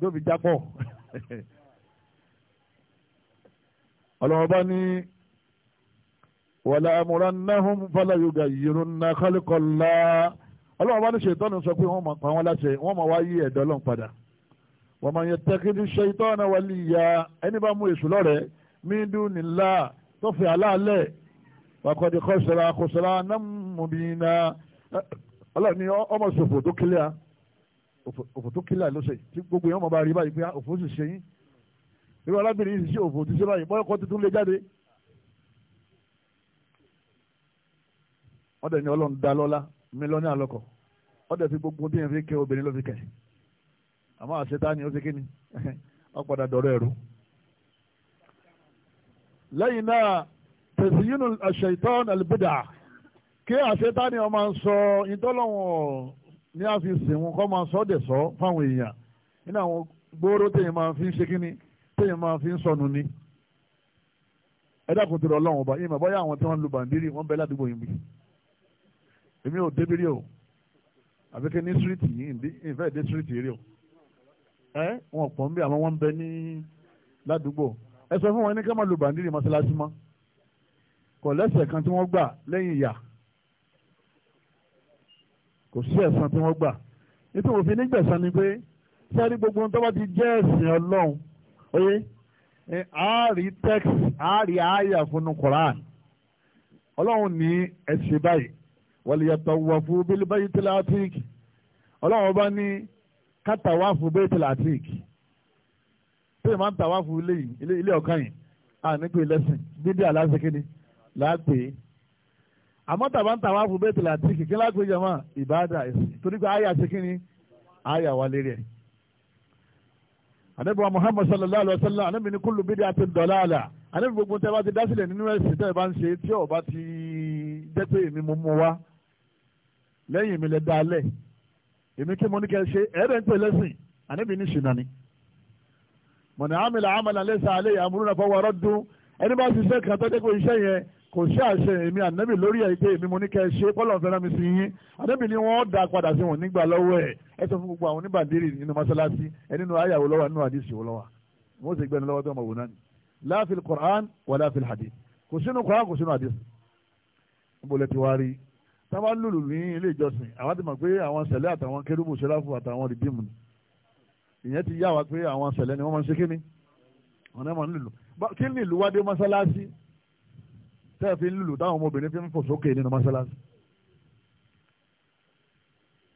yóò fi jápọ̀ ọlọ́wọ́ bá ní wàlá amúránnáhùn fọlá yorùbá yìrùnà kálíkọ̀ọ́lá ọlọ́wọ́ bá ní ṣètọ́nù sọ pé wọ́n máa pa wọ́n láṣẹ wọ́n máa wá yí ẹ̀dọ́ lọ́n padà wọ́n máa yẹ tẹ́kídì ṣaitana waliya ẹni bá mú èṣù lọ́rẹ̀ẹ́ mídú nílá tọ́fẹ̀ aláàlẹ̀ wàkọ̀dì kọ́sẹ̀rà kọ́sẹ̀rà námúbìnà ọlọ́ọ̀ni ọmọ ṣòfò tó kílíà òfò tó kílíà ló ṣe tí gbogbo yẹn ọmọ bá rí báyìí pé òfò sì ṣe yín irú arábìnrin yìí sì ṣe òfò tí ṣe báyìí bọ́yọ̀kọ́ tuntun lè jáde. ọ̀dẹ̀ ni ọlọ́run dá lọ́lá mílíọ̀nù àlọ́kọ̀ ọ̀dẹ̀ fi gbogbo bí yẹn fi kẹ́ obìnrin ló fi kẹ́ àmọ́ àṣetá ni ó ṣe kíni ó padà dọ̀rọ̀ ẹ̀rú. lẹ́yìn náà tẹ̀síyínú àṣetán àlùbídà kí àṣetá ni ó máa ń sọ ìtọ́lọ́wọ̀n ní a fi sìnwó kọ́ máa sọ dẹ̀ sọ fáwọn èèyàn nínú àwọn gbòòrò téèyàn máa fi ń ṣe kíni téèyàn máa fi ń sọnù ni ẹ dákun tó lọ ọlọ́run ọba ìmọ̀ bọ́yá àwọn tí wọ́n lu bàǹdírì wọ́n bẹ ládùúgbò yìí bí èmi ò débírí o àbí ní síríìtì yìí ìfẹ́ ìdé síríìtì rí o ẹ wọn pọ̀ ń bí àwọn wọn ń bẹ ní ládùúgbò ẹ sọ fún wọn ní ká má lo bàndìrì mọ́ṣáláṣí mọ́ kò lẹ́sẹ̀ kan tí wọ́n gbà lẹ́yìn ìyà kò sí ẹ̀san tí wọ́n gbà nítorí òfin nígbẹ̀san ni pé sẹ́rí gbogbo ohun tó bá ti jẹ́ ẹ̀sìn ọlọ́run oyé àárí text àárí àáyà fún Quran ọlọ́run ní ẹ̀sìn báyìí wal yatawafu bil baytil atiq ọlọ́run ọba ní ká tàwáàfù bẹ́ẹ̀tìlì àtìkì tó yẹ máa ń tàwáàfù ilé ọ̀kan yìí àníkù ìlẹ́sìn dídí aláṣekínni láàpè àmọ́ tàbá ń tàwáàfù bẹ́ẹ̀tìlì àtìkì kí láàpè jẹ́ máa ìbáàdà ẹ̀sìn torí pé àyà àṣekínni àyà wà lérí ẹ̀. ànábì wa muhammad sallallahu alayhi wa sallam ànábì ní kúlù bídí àti dọ̀láàlà ànábì gbogbo tẹ́ ti dá nínú ẹ̀sìn tẹ́ bá ń ṣe tí ó èmi kí mo ní kẹ́ ṣe ẹ̀ẹ́dẹ̀ ń pè lẹ́sìn àníbi ní ṣìnà ni mọ̀nà àmìlà àmàlà lẹ́sà alẹ́ àmúrúnà fọwọ́ ọ̀rọ̀ dún ẹni bá ṣiṣẹ́ kan tó dé pé iṣẹ́ yẹn kò ṣe àṣẹ èmi ànábì lórí ẹ̀ pé èmi mo ní kẹ́ ṣe kọ́lọ̀ fẹ́ràn mi sí yín ànábì ni wọ́n dá padà sí wọn nígbà lọ́wọ́ ẹ̀ ẹ sọ fún gbogbo àwọn oníbàndírì nínú mọ́ṣáláṣí ẹ nínú ayàwó lọ́wọ́ nínú àdìsí wọ́n lọ́wọ́ wọ́n sì gbẹ́ni lọ́wọ́ tó ọmọ wò náà ni la wala fil hadith kò sínú Qur'an kò sínú àdìsí. ń bolẹ̀ tábà lùlù ní ilé ìjọsìn àwọn ti mọ̀ pé àwọn sẹ̀lẹ̀ àtàwọn kérúbù sẹ́ráfù àtàwọn rìdíìmù ìyẹn ti yá wa pé àwọn sẹ̀lẹ̀ ni wọ́n máa ń ṣe kíni wọn náà máa ń lùlù kí ni ìlú wádé mọ́sálásí tẹ́ẹ̀ fi ń lùlù táwọn ọmọbìnrin fi ń fò sókè nínú mọ́sálásí.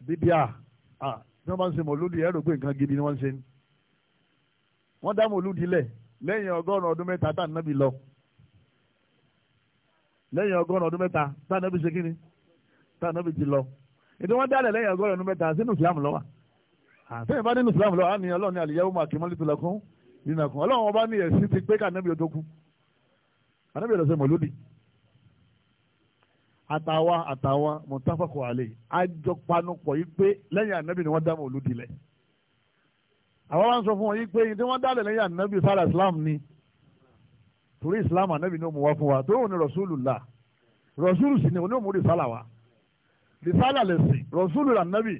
bíbíà à tí wọ́n bá ń ṣe mọ̀lúdì ẹ̀rọ pé nǹkan gidi ni wọ́n ń ṣe ni wọ́n dá mọ̀lúdì lẹ̀ lẹ́yìn ọgọ́rùn-ún ọdún mẹ́ta tá ànábì lọ lẹ́yìn ọgọ́rùn-ún ọdún mẹ́ta tá ànábì ṣe kíni tànàbí ti lọ ètò wọn dálẹ̀ lẹ́yìn ọgọ́rùn ọdún mẹ́ta sínú islam lọ́wọ́ àtẹ̀yìn bá nínú islam lọ́wọ́ àmì ọlọ́run ní àlìyáwó máa kí mọ́lẹ́tò lọ́kún nínú ọkùn ọlọ́run ọba ní ẹ̀sìn ti pé kànábì ọdọ́kùn kànábì ọdọ́sẹ̀ mọ̀lódì àtàwa àtàwa mọ̀tàfàkọ̀ àlè àjọpanupọ̀ yìí pé lẹ́yìn ànábì ni wọ́n dá mọ̀lódì lẹ̀ àwa wá ń sọ fún wọn yìí pé ní wọ́n dálẹ̀ lẹ́yìn ànábì sára islam ni torí islam ànábì ni ó mú wá fún wa torí ni rasulullah rasul sì ni òun ni risala lẹ̀sìn rọ̀ṣúlù lànàbì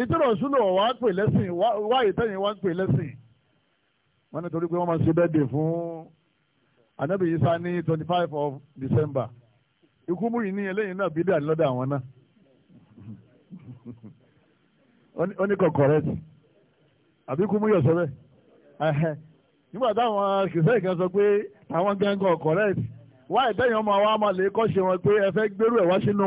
ètò rọ̀ṣúlù ọ̀wá pè lẹ́sìn wá ìtẹ̀yìn wá pè lẹ́sìn wọ́n ní torí pé wọ́n máa ṣe bẹ́ẹ̀ dè fún ànábì Ìsá ní twenty five of December ikú mú yìí ní eléyìí náà bídà lọ́dọ̀ àwọn náà ó ní kọ̀ correct àbí ikú mú yọ̀ sọ bẹ́ẹ̀ nígbà táwọn kìsẹ́ ìkan sọ pé àwọn gangan correct wá ìtẹ̀yìn ọmọ wa máa lè kọ́ ṣe wọn pé ẹ fẹ́ gbérú ẹ̀ wá sínú.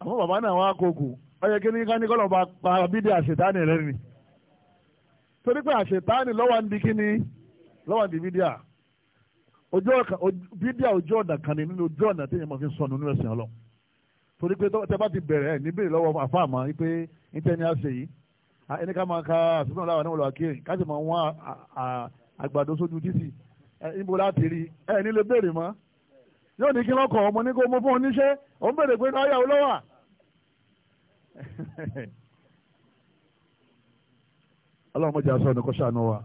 àwọn bàbá náà wá kókò ọyẹ kí ní ká ní kọ́lọ̀ bá pa bídí àṣetánì rẹ ni torí pé àṣetánì lọ́wọ́ ń di kí ni lọ́wọ́ ń di bídíà ojú ọ̀ka bídíà ojú ọ̀nà kan nínú ojú ọ̀nà tí èèyàn máa fi sọnù nínú ẹ̀sìn ọlọ́ torí pé tẹ bá ti bẹ̀rẹ̀ ẹ̀ níbèrè lọ́wọ́ àfáàmà wípé níta ni a ṣe yìí ẹni ká máa ka àṣetánì láwọn oníwòlò àkíyè ká sì máa wọ́n àgbàdo sójú títì níbo láti rí ẹ nílé béèrè mọ́ yóò ní kí lọ́kọ̀ ọmọ ní kó mú fún oníṣẹ́ òun bèrè pé táyà olówà. ọlọ́mọdé aṣọ ni kò ṣàánú wa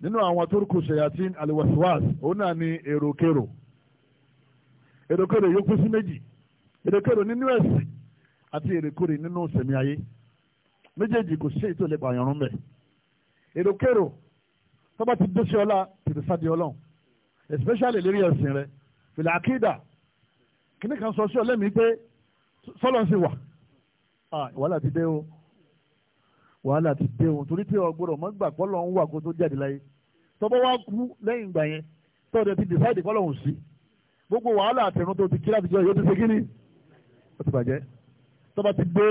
nínú àwọn turku shayatin aliwaswas òun náà ni èròkèrò èròkèrò yóò kú sí méjì èròkèrò nínú ẹ̀sìn àti èròkèrò nínú sẹ̀mí ayé méjèèjì kò sí èyí tó lè pààyàn rún bẹ̀ èròkèrò tọ́ba ti dé sí ọlá tètè ọlọ́run especially lérí ẹ̀sìn rẹ̀ fìlàkìdà kíní kan sọ sí ọlẹ́mìí pé sọ́lọ́ ń sì wà wàhálà ti dé o wàhálà ti dé o torí pé ọgbọ́dọ̀ mọ́ gbà kọ́lọ̀ ń wà kó tó jáde láyé tọ́bọ́ wá kú lẹ́yìn ìgbà yẹn tọ́ọ̀dẹ̀ ti dìsáìdì kọ́lọ̀ ń sí gbogbo wàhálà àtẹ̀rún tó ti kí láti jọ yóò ti ṣe kíni ó ti bàjẹ́ tọ́ba ti dé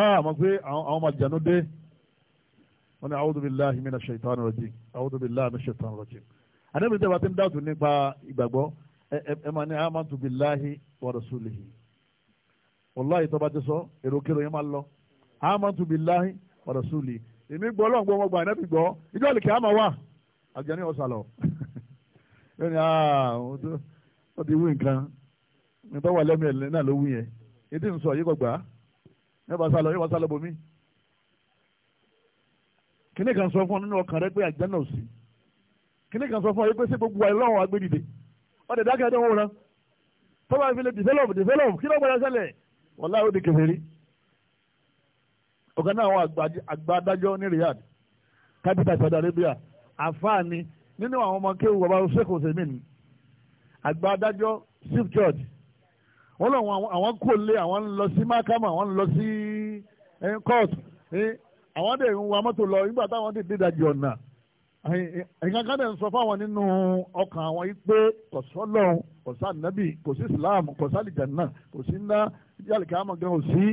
àmọ́ pé àwọn ọmọ àjànú dé wọ́n ní a'udhu billahi minash shaitani rajim a'udhu billahi minash shaitani rajim àdébìtẹ́ wa ti ń dáàtú nípa ìgbàgbọ́ ẹ máa ní amantu billahi wa rasulihi wàláyé tó ti sọ èrò kérò yẹn máa lọ ha billahi wa rasulihi èmi gbọ́ ọlọ́run gbọ́ ha ẹ̀nẹ́bí gbọ́ ìjọ àmà wà àjẹní àwọn ti wí nǹkan wà ẹ̀ náà ló wí yẹn yìí kọ gbà á sálọ sálọ bomi kan sọ fún ọ nínú ọkàn rẹ pé kan sọ fún ọ wọ́n dẹ̀ dákẹ́ ẹ̀dẹ́wọ̀n wọn tó bá fi lè develop develop kí ló gbọ́dọ̀ ṣẹlẹ̀ wọ́n láyé ó di kèfèrí. ọ̀gá náà àwọn àgbà adájọ́ ní Riyadh capital Saudi Arabia àfáàní nínú àwọn ọmọ kéwù bàbá Sheikh Osemin àgbà adájọ́ chief judge wọ́n lọ àwọn kò lé àwọn ń lọ sí mákàmà àwọn ń lọ sí eh, court eh, àwọn dẹ̀ ń wa mọ́tò lọ nígbà táwọn dìde ìdajì ọ̀nà ẹ̀yin kan dẹ̀ ń sọ fáwọn nínú ọkàn àwọn yìí pé kò sọ́lọ́hún kò sá nàbì kò sí islam kò sá àlìjànnà kò sí ńlá yálìkà àmọ̀ gan ò sí.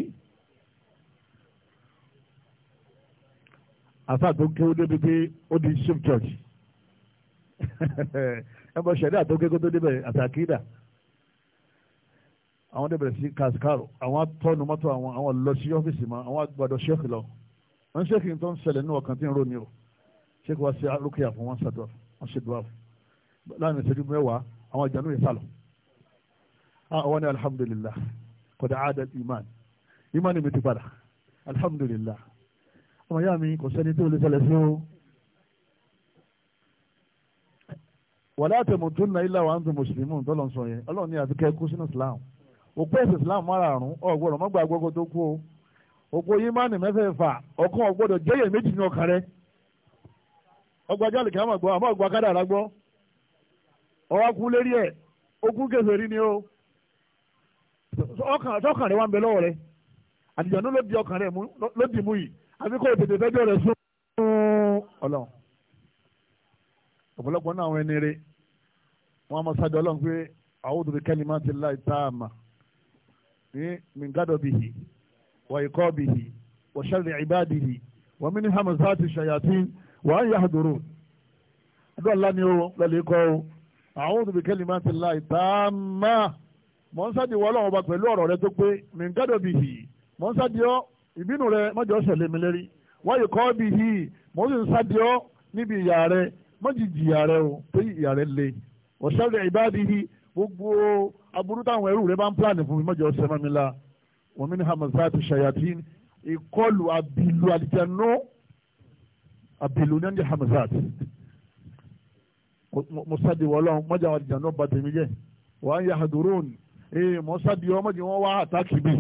àfáà tó kéwó débi pé ó di ship church ẹ bọ sẹ̀dá tó kéwó tó débẹ̀ àtàkìdà àwọn débẹ̀rẹ̀ sí kàṣkàrò àwọn tọ́nu mọ́tò àwọn àwọn lọ sí ọ́fíìsì mọ́ àwọn àgbàdo ṣẹ́ẹ̀kì lọ wọ́n ṣẹ́ẹ̀kì tó ń ṣẹlẹ̀ ní ọkàn tí ń ronú o sheikh wa ṣe rúkìá fún wọn ṣàdúrà wọn ṣe dùwà fún láàrin ìṣẹ́jú mẹ́wàá àwọn ìjànú yìí sálọ. àwọn ní alhamdulillah kọ̀dà àádá iman iman mi ti padà alhamdulillah ọmọ ìyá mi kò sẹ́ni tó lè ṣẹlẹ̀ sí o. wàlá tamutunna illa wa antum muslimun tọ́lọ̀ ń sọ yẹn ọlọ́run ní àfikẹ́ kú sínú islam òpó ẹ̀sìn islam márààrún ọ̀gbọ́dọ̀ mọ́gbàgbọ́gbọ́ tó kú o òpó yimani mẹ́fẹ̀ẹ̀fà ọ̀kan ọ̀gbọ́dọ̀ jẹ́yẹ̀ méjì ní ọkàn rẹ̀ ọgbà jálì kí a máa gbọ́ àmọ́ ọgbà kádàrá gbọ́ ọwọ́ kú lérí ẹ̀ ó kú kèfèrí ni ó tọkàn rẹ wà ń bẹ lọ́wọ́ rẹ àdìjọ́nú ló di ọkàn rẹ ló dì mú yìí àbí kò tètè fẹ́jọ́ rẹ sún ọlọ́run ọ̀pọ̀lọpọ̀ náà àwọn ẹni rẹ wọn a máa ọlọ́run pé a'udhu bi kalimatillahi taama ní min ghadabihi wa iqabihi wa sharri ibadihi wa min hamazati shayatin wàá yà dòrò àdúrà ńlá ni ó lọlẹ́ kọ́ o a'udhu bi kalimati llahi tamma mọ̀ ń sáàdì wọ́n lọ́wọ́ bá pẹ̀lú ọ̀rọ̀ rẹ tó pé min ghadabihi mọ̀ ń sáàdì ọ́ ìbínú rẹ mọ́jọ́ ṣẹlẹ̀ mi lérí wa iqabihi mọ̀ ń sáàdì ọ́ níbi ìyà rẹ mọ́jì jìyà rẹ o pé ìyà rẹ le wa sharri ibadihi gbogbo aburú táwọn ẹrú rẹ bá ń pláàni fún mi mọ́jọ́ sẹ́mọ́mi la wa min hamazati shayatin ìkọlù àbìlù àdìjẹ́nu àbèlú ní ẹni hamzat musadi wọlọ́n mọ́jà wọn jàn náà bàtẹ́mi jẹ́ wà á yà hadurun ee musadi wọn mọ́jà wọn wá àtàkì bí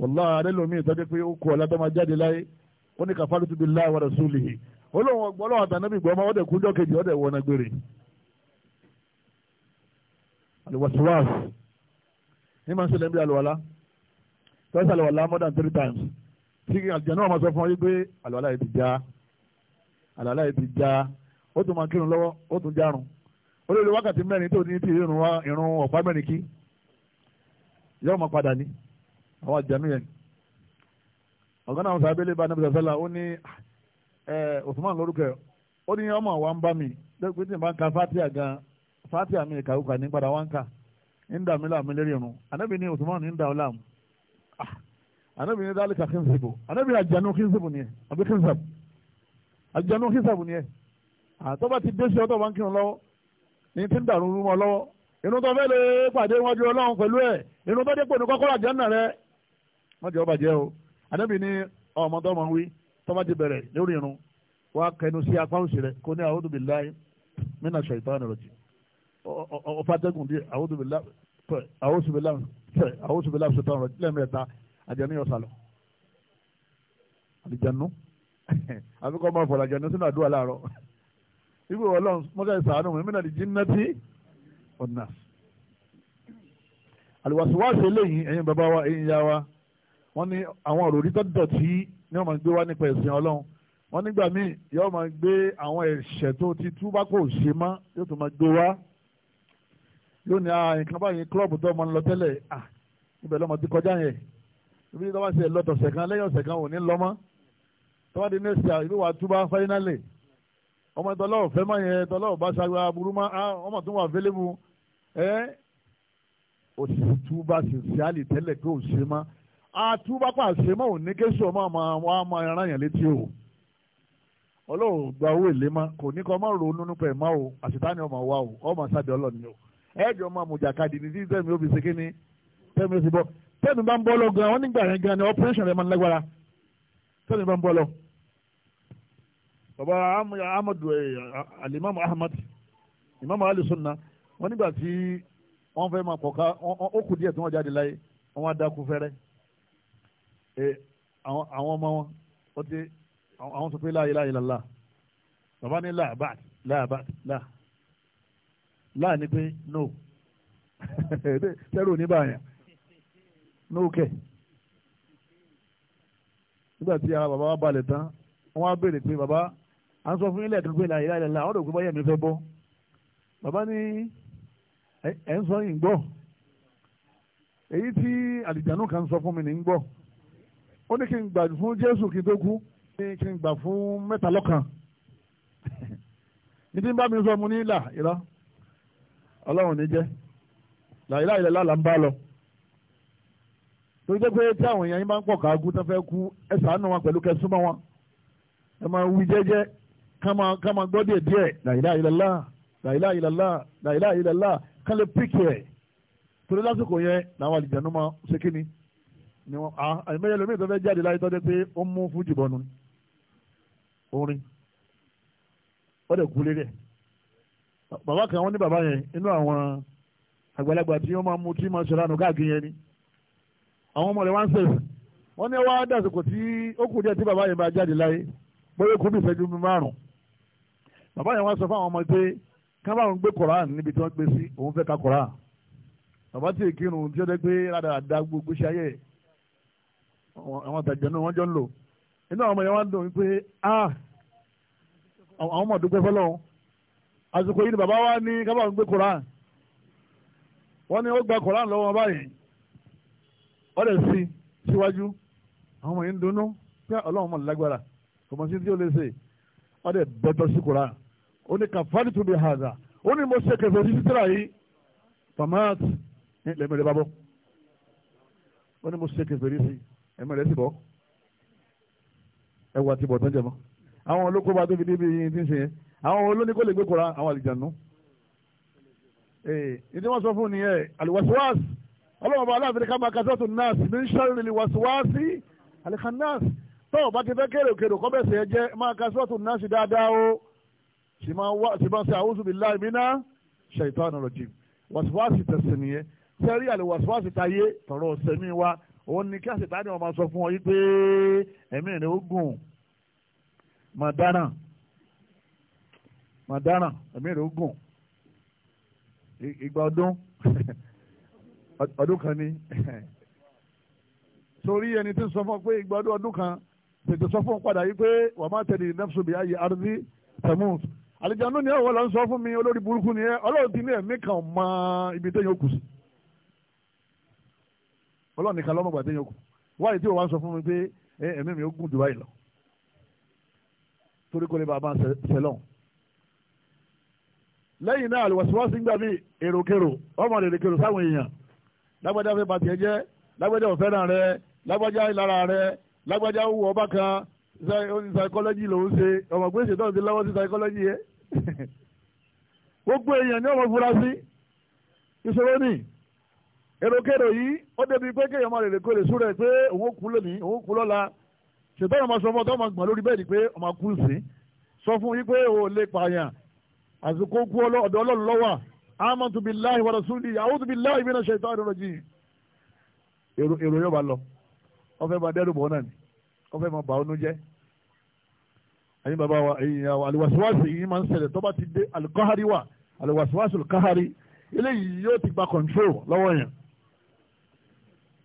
wàlá àrẹ lomi ìtọ́jú pé ó kú ọ̀làdọ́mà jáde láyé ó ní kàfàlù tó bí láì wàrà súlìhì olóhùn ọgbọ́lọ́wọ́ àtànábì gbọ́mọ ọdẹ kúndọ́ kejì ọdẹ wọnà gbére aliwasiwasi ní màá ń ṣẹlẹ̀ ń bí alùwàlá tọ́sí alùwàlá more than three times. tí àlùjànnú máa sọ fún ọ yí pé àlùwàlá yìí ti já Otu yìí ti já ó tún máa kírun lọ́wọ́ ó tún járun ó lè lo wákàtí mẹ́rin tó ní ti irun wa irun ọ̀pá mẹ́rin kí yóò máa padà ní àwọn àjànú yẹn ọ̀gá náà sábẹ́lẹ̀ bá nàbẹ́sà ó ní ó ní ọmọ wa ń bá mi tí n bá ń ka fatia gan fatia mi kàwé kà ní padà wá ń kà ń dà mí láàmú lérí irun ànábì anabi ní dalika kínzìbù anabi àjànú kínzìbù ni ẹ àbí kínzàbù àjànú kínzàbù ni ẹ àtọ́ba ti dé sí ọtọ́ bá ń kírun lọ́wọ́ ní ti ń dàrú mọ́ lọ́wọ́ inú tó fẹ́ lè pàdé wájú ọlọ́run pẹ̀lú ẹ̀ inú tó dépò ní kọ́kọ́rọ́ àjànà rẹ wọ́n jẹ́ ọba jẹ́ o anabi ní ọmọ tó mọ̀ wí tọ́ba ti bẹ̀rẹ̀ lórí irun wá kẹnu sí apá òsì rẹ kó ní a'udhu billahi minash shaitani rajim ọ̀fàtẹ́gùn bíi a'udhu billahi a'udhu billahi a'udhu billahi ṣètọ́ rẹ̀ lẹ́mẹ̀ẹ́ta àjẹnú yọ sálọ àlìjẹnú àfikọ́ máa fọ̀rọ̀ àjẹnú sínú àdúrà láàárọ̀ ibi ọlọ́run mọ́tà ìsàánú mi mìíràn lè jí ná tí ọ̀nà àlùwàsíwáṣe lẹ́yìn ẹ̀yin bàbá wa ẹ̀yin ìyá wa wọ́n ní àwọn òròrí tó dọ̀tí ni wọ́n máa gbé wá nípa ẹ̀sìn ọlọ́run wọ́n nígbà míì yóò máa gbé àwọn ẹ̀ṣẹ̀ tó ti tú bá kò ṣe mọ́ yóò tún máa gbé wá yóò ní ah, nǹkan báyìí kílọ̀bù tó máa ń lọ tẹ́lẹ̀ ah, ibẹ̀ lọ́mọdé kọjá yẹn ibi tí wọ́n ṣe lọ́tọ̀ ṣẹ̀kan lẹ́yìn ọ̀sẹ̀ kan ò ní lọ́mọ́ tọ́wọ́ di next year ibi wà á túbá finally ọmọ tọ́lọ́ ọ̀fẹ́ mọ́ yẹn tọ́lọ́ ọ̀bá ṣàgbà burú mọ́ ọmọ tó wà available ẹ́ òṣìṣẹ́ túbá sincerely tẹ́lẹ̀ pé òṣìṣẹ́ mọ́ àtúbá pàṣẹ mọ́ òní kéṣù ọmọ àmọ́ àwọn àmọ́ ẹran yẹn létí o ọlọ́run gba owó èlé ma kò ní kọ́ ọmọ ronú nípa ẹ̀ máa o àṣetáni ọmọ wa o ọmọ sábẹ́ ọlọ́ni o ẹ̀ẹ́dì ọmọ àmùjàkadì ní tí tẹ́nu bá ń bọ́ lọ gan wọ́n nígbà yẹn gan ni operation rẹ̀ máa ń lágbára tẹ́nu bá ń bọ́ lọ. bàbá ahmadu eh, alimami ahmad imam alisunna wọ́n nígbà tí wọ́n fẹ́ máa kọ̀ọ̀ká ó kù díẹ̀ tí wọ́n jáde láyé wọ́n wá dákú fẹ́rẹ́ eh, àwọn ọmọ wọn ó ti àwọn sọ pé la ilaha illallah bàbá ní láàbàt láàbàt láà láà ní pé no tẹ́rù ní báyà nókè nígbà tí ara bàbá wa balẹ̀ tán wọ́n wá béèrè pé bàbá à ń sọ fún ilé ẹ̀kan pé là ìlà ìlà àwọn òkú báyẹ̀mí fẹ́ bọ́ bàbá ní ẹ̀ ń sọ yìí ń gbọ́ èyí tí àlìjánu kan sọ fún mi ní ń gbọ́ ó ní kí n gbà fún Jésù kí n tó kú ní kí n gbà fún mẹ́ta lọ́kan ní tí n bá mi sọ mu ní ìlà ìlà ọlọ́run ní jẹ́ là ìlà ìlà là ń bá lọ tó jẹ́ pé tí àwọn èèyàn yín bá ń pọ̀ káàgú tó fẹ́ kú ẹ ṣàánú wọn pẹ̀lú kẹsùmọ́ wọn ẹ máa wí jẹ́jẹ́ ká máa gbọ́ díẹ̀ díẹ̀ la ilaha illallah la ilaha illallah la ilaha illallah ká lè píkì ẹ̀ torí lásìkò yẹn làwọn àlìjẹ̀nu máa ṣe kí ni ni wọn à àìmọye lomi tó fẹ́ jáde láyé tọ́jú pé ó mú fún jìbọnù orin ó dẹ̀ kú lérí bàbá kan wọn ní bàbá yẹn inú àwọn àgbàlagbà tí wọ́n máa mú tí máa ṣe lánàá káàkiri yẹn ni àwọn ọmọ rẹ̀ wá ń sèf wọ́n ní wá dàsìkò tí ó kù díẹ̀ tí bàbá yẹn máa jáde láyé bóyá kú bí ìfẹ́jú márùn bàbá yẹn wá sọ fáwọn ọmọ pé kábàrún gbé koran níbi tí wọ́n gbé sí òun fẹ́ ka koran bàbá tí ìkírun tí ó dé pé ládàáda gbogbo ṣe ayé àwọn àtàjẹ́ náà wọ́n jọ ń lò inú àwọn ọmọ yẹn wá dùn wípé ah àwọn ọmọ dúpẹ́ fọlọ́run àsìkò yìí ni bàbá wa ní kábàrún gbé koran wọ́n ní ó gba koran lọ́wọ́ báyìí ọ̀rẹ́ sí síwájú àwọn ọmọ yìí ń dunnú pé ọlọ́run mọ̀ lágbára kò mọ̀ sí tí ó lè ṣe ọ̀rẹ́ bẹ́tọ̀ sí kura ó ní kàfáàlì tó bí hàzà ó ní mo ṣe kẹfẹ́ sí títà yìí tomat ní lẹ́mẹ̀rẹ́ bá bọ́ ó ní mo ṣe kẹfẹ́ sí ẹ̀mẹ̀rẹ́ sì bọ́ ẹwà ti bọ̀ tán jẹ mọ́ àwọn olóko bá tóbi débi yìí ti ń ṣe yẹn àwọn olóníkó lè gbé kura àwọn àlìjànú. ìdí wọn sọ fún nìyẹn àlùwàsíwàsí ọlọ́run ọba aláàfin ká máa kasẹ́tù nọ́ọ̀sì ní sẹ́rìn ní wàsíwàsí alikannas tọ́wọ́ bá ti fẹ́ kéré òkèrè kọ́bẹ̀sì ẹ jẹ́ máa kasẹ́tù nọ́ọ̀sì dáadáa o sì máa ṣe a'udhu billahi mina shaitan rajim wàsíwàsí tẹ̀sí nìyẹn sẹ́rí àlè wàsíwàsí tayé tọ̀rọ̀ sẹ́mi wa òun ni kí àṣetá ni wọ́n máa sọ fún ọ yí pé ẹ̀mí rẹ̀ ó ọdún ọdún kan ni sórí ẹni tí ń sọ fún ọ pé ìgbọ́dún ọdún kan tètè sọ fún padà yìí pé wà má tẹ̀lé nafsu bi ayé ardi tamut àlejò ní ọ̀wọ́ la ń sọ fún mi olórí burúkú ni ẹ ọlọ́run ti ní ẹ̀mí kan mọ ibi téèyàn kù sí ọlọ́run nìkan lọ́mọgbà téèyàn kù wáyé tí o sọ fún mi pé ẹ̀mí mi ó gùn jù báyìí lọ torí kò lè bàbá sẹlọ̀n lẹ́yìn náà àlùwàsíwàsí ń gbà mí èròkèrò ọmọ rèrèkèrò sáwọn èèyàn lágbájá fẹ́ bàtì ẹ jẹ́ lágbájá ò fẹ́ràn rẹ lágbájá ìlara rẹ lágbájá wù ọ bákan psychology lòún ṣe ọmọ pé ṣètò ti lọ́wọ́ sí psychology yẹ gbogbo èèyàn ní ọmọ fura sí ìṣòro ni èròkèrò yìí ó débi pé kéèyàn máa rèrè kó lè súrẹ̀ pé òun ó kú lónìí òun ó kú lọ́la ṣètò ọmọ sọ fún ọtọ́ ọmọ gbọ̀n lórí bẹ́ẹ̀ni pé ọmọ kú sí Aman amantu billahi wa rasuli a'udhu billahi minash shaitani rajim Ero yóò bá lọ wọ́n fẹ́ máa dẹ́rù bọ̀ náà ni wọ́n fẹ́ máa bà ọ́nú jẹ́ ẹ̀yin bàbá wa ẹ̀yin àwọn àlùwàsíwàsí yìí máa ń ṣẹlẹ̀ tó ti dé alukahari wa àlùwàsíwàsí olùkahari eléyìí yóò ti gba control lọ́wọ́ yẹn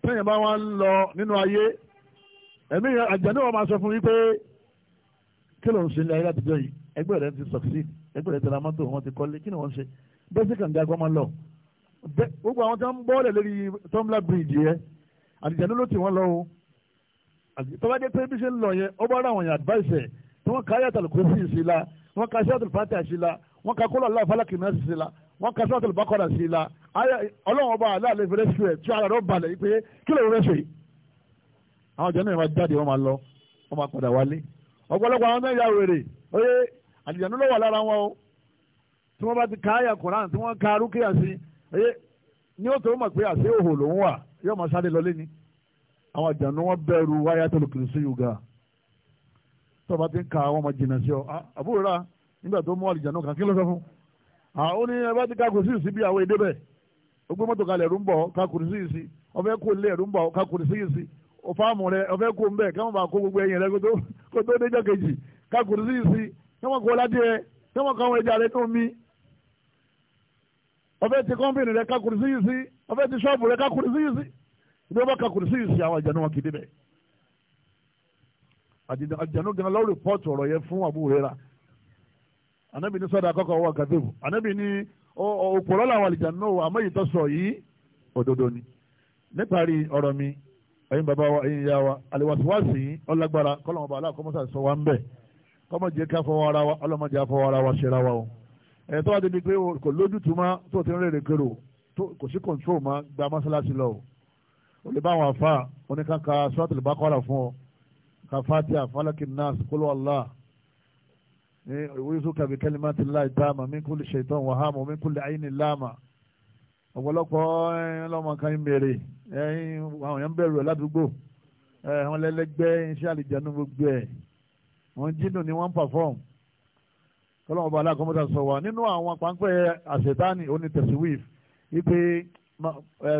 tẹ́yìn bá wọn lọ nínú ayé ẹ̀mí àjẹ́ni wọn máa sọ fún yín pé kí ló ń ṣe ní ayé àtijọ́ yìí ẹgbẹ́ rẹ ti succeed ẹgbẹ́ rẹ ti ra mọ́tò wọn ti kọ́lé kí ni wọ́n ń ṣe bẹ́sì kànga kọ́ máa lọ gbogbo àwọn tó ń bọ́ọ̀lẹ̀ lórí tọ́mlá bíríìjì yẹn àdìjẹ́ ló ti wọ́n lọ o tọ́ba jẹ́ pé bí ṣe ń lọ yẹn ó bá ra àwọn èèyàn advice ẹ̀ tí wọ́n ka ayatollah kùsì sí la wọ́n ka sẹ́tùl fàtà sí la wọ́n ka kólọ̀ aláà falakì náà sí la wọ́n ka sẹ́tùl bákọ́rà sí la ọlọ́run ọba aláàlẹ́ fẹ́rẹ́ sí ẹ̀ tí ara rẹ̀ balẹ̀ yìí pé kí ló rẹ̀ sèé àwọn jẹ́ náà jáde wọ́n máa lọ wọ́n máa padà wálé ọ̀pọ̀lọpọ̀ àwọn náà yà wèrè oyè àdìjẹ́ ló wà lára wọn o tí wọ́n bá ti ka àyà koran tí wọ́n ka rúkìá sí ẹ ní ó tó mọ̀ pé òhò wà yóò máa sáré lọlé ni àwọn àjànú wọn bẹ̀rù wáyà tó lòkìrì sí yuga tó bá ti ka àwọn ọmọ jìnnà sí ọ ah, àbúrò rà nígbà tó mú kan kí ló sọ fún ah, ní ẹ bá ti ka kùrìsì sí bí àwọn èdè bẹ́ẹ̀ ó gbé mọ́tò kalẹ̀ ń bọ̀ ka kùrìsì sí kó lé ń bọ̀ ọfẹ́ ti kọ́mpìnì rẹ ká kùrìsì yìí sí ọfẹ́ ti ṣọ́ọ̀bù rẹ ká kùrìsì yìí sí ibi ọba ká kùrìsì yìí sí àwọn àjànú wọn kìdí bẹ́ẹ̀. àjànú gan lọ́ọ́ rìpọ́ọ̀tù ọ̀rọ̀ yẹn fún Abu Huraira anabi ní sọ́dà akọ́kọ́ wà gàdébù anabi ní òpòrọ́ làwọn àlìjànú àmọ́ yìí sọ yìí òdodo ni níparí ọ̀rọ̀ mi ẹ̀yin bàbá wa ẹ̀yin ìyá wa àlewàsíwàsí ọlágbára kọ́lọ́mọba aláàkọ́mọ́sà sọ wa ń bẹ̀ kọ́mọ́jẹ́ ká fọwọ́ ara wa ọlọ́mọdé á fọwọ́ ẹ̀ tó wá débi pé kò lójútùmá tó ti ń rèrè kérò kò sí control mọ́ gba mọ́sálásí lọ o o lè bá àwọn afa oníkanka suratul baqara fún ọ ka fatiha falaki nas kulu allah ni wizuka bi kalimati llahi tama min kulli shaitan wa hama min kulli aini lama ọ̀pọ̀lọpọ̀ eh, ọlọ́mọ kan ń bèrè àwọn èèyàn ń bẹ̀rù ẹ̀ ládùúgbò eh, àwọn ẹlẹ́gbẹ́ iṣẹ́ àlìjánu gbogbo ẹ̀ wọ́n jínú ni wọ́n ń pàfọ́ọ̀mù kọ́lọ́mù ọba aláàkọ́mọ́tà sọ wa nínú àwọn pàǹpẹ́ àṣetáni oní tẹ̀síwìf wípé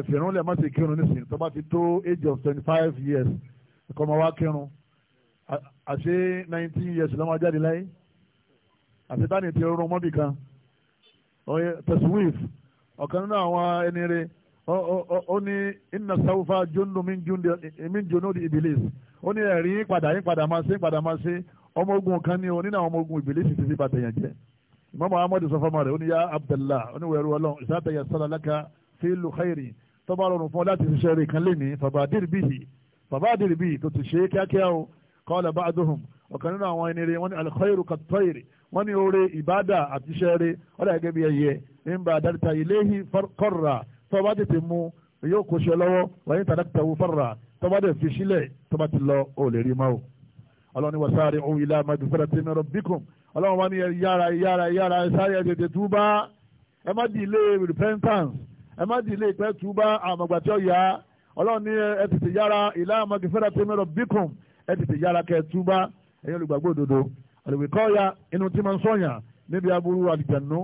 fìrúnlẹ̀ má ṣe kírun nísìnyí tó bá ti tó age of twenty five years ẹ̀kọ́ ọmọ wa kírun àṣé nineteen years ló máa jáde láyé àṣetáni ti rún mọ́bì kan tẹ̀síwìf ọ̀kan nínú àwọn ẹni rẹ̀ ó ní iná sáwùfà jóńdó mí jóńdó ìbílẹ̀ ó ní ẹ̀rí padà yín padà máa ṣe padà máa ṣe ọmọ ogun kan ní o nínú àwọn ọmọ ogun ìbílẹ̀ sì ti fi bàtà yẹn jẹ́ ìmọ̀mọ́ amadu sọfọ́mọ́ rẹ̀ oníyá abdallah oníwẹ̀rù ọlọ́run ìsátẹ̀yẹ sọ́lálàkà fílù khairi tọ́ba rọrùn fún ọ láti ṣiṣẹ́ rẹ̀ kan lẹ́ni fàbàdìrì bíi fàbàdìrì bíi tó ti ṣe é kíákíá o kọ́lá ba'duhum ọ̀kan nínú àwọn ẹni rẹ̀ wọ́n ní alkhairu kattayri wọ́n ní oore ìbádà àti iṣẹ́ rẹ̀ ọ̀dà gẹ́gẹ́ bí ẹyẹ nígbà dáríta iléhi kọ́ra tọ́ba tètè mu yóò kó ṣe lọ́wọ́ wàyí tàdákítà wù fara tọ́ba dẹ̀ fi sílẹ̀ tọ́ba ti lọ òòlè rí máa o ọlọ́ni wọ́n sáré ohun ilá amadufẹ́rẹ́ tí mẹ́rọ bíkùn ọlọ́run wá ní yára yára yára sáré tètè túbá ẹ má di ilé repentance ẹ má di ilé ìpẹ́ túbá àmọ̀gbà tí ó yá ọlọ́run ní ẹ tètè yára ilá amadufẹ́rẹ́ tí mẹ́rọ bíkùn ẹ tètè yára kẹ́ túbá ẹ̀yin olùgbàgbọ́ òdodo àlùwẹ̀kọ́ ya inú tí máa ń sọ̀yàn níbi aburú àlìjànú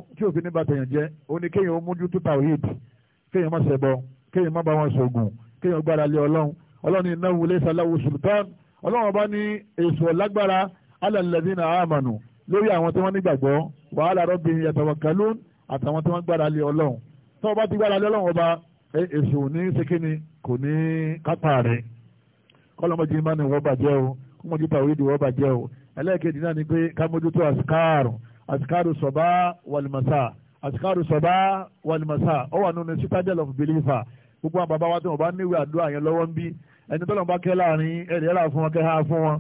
tí ọlọ́run bá ní èso lágbára alàlẹ́dínà àmànù lórí àwọn tí wọ́n nígbàgbọ́ wàhálà rọ́bì yatawakkalun àtàwọn tí wọ́n gbára lé ọlọ́run tó o bá ti gbára lé ọlọ́run ọba èso ní sekini kò ní kápá rẹ̀ kọ́lọ́mọ́jì máa ní wọ́n bàjẹ́ o kọ́mọ́jì tàwé di wọ́n bàjẹ́ o ẹlẹ́ẹ̀kejì náà ni pé ká mójútó àsìkáàrù àsìkáàrù sọ̀bá wàlìmọ̀sá àsìkáàrù sọ̀bá wàlìmọ̀sá ó of believer gbogbo àwọn bàbá wa tí wọ́n bá ẹni tọ́lọ̀ bá kẹ́ láàrin ẹ̀rì ẹ̀rà fún wọn kẹ́ ha fún wọn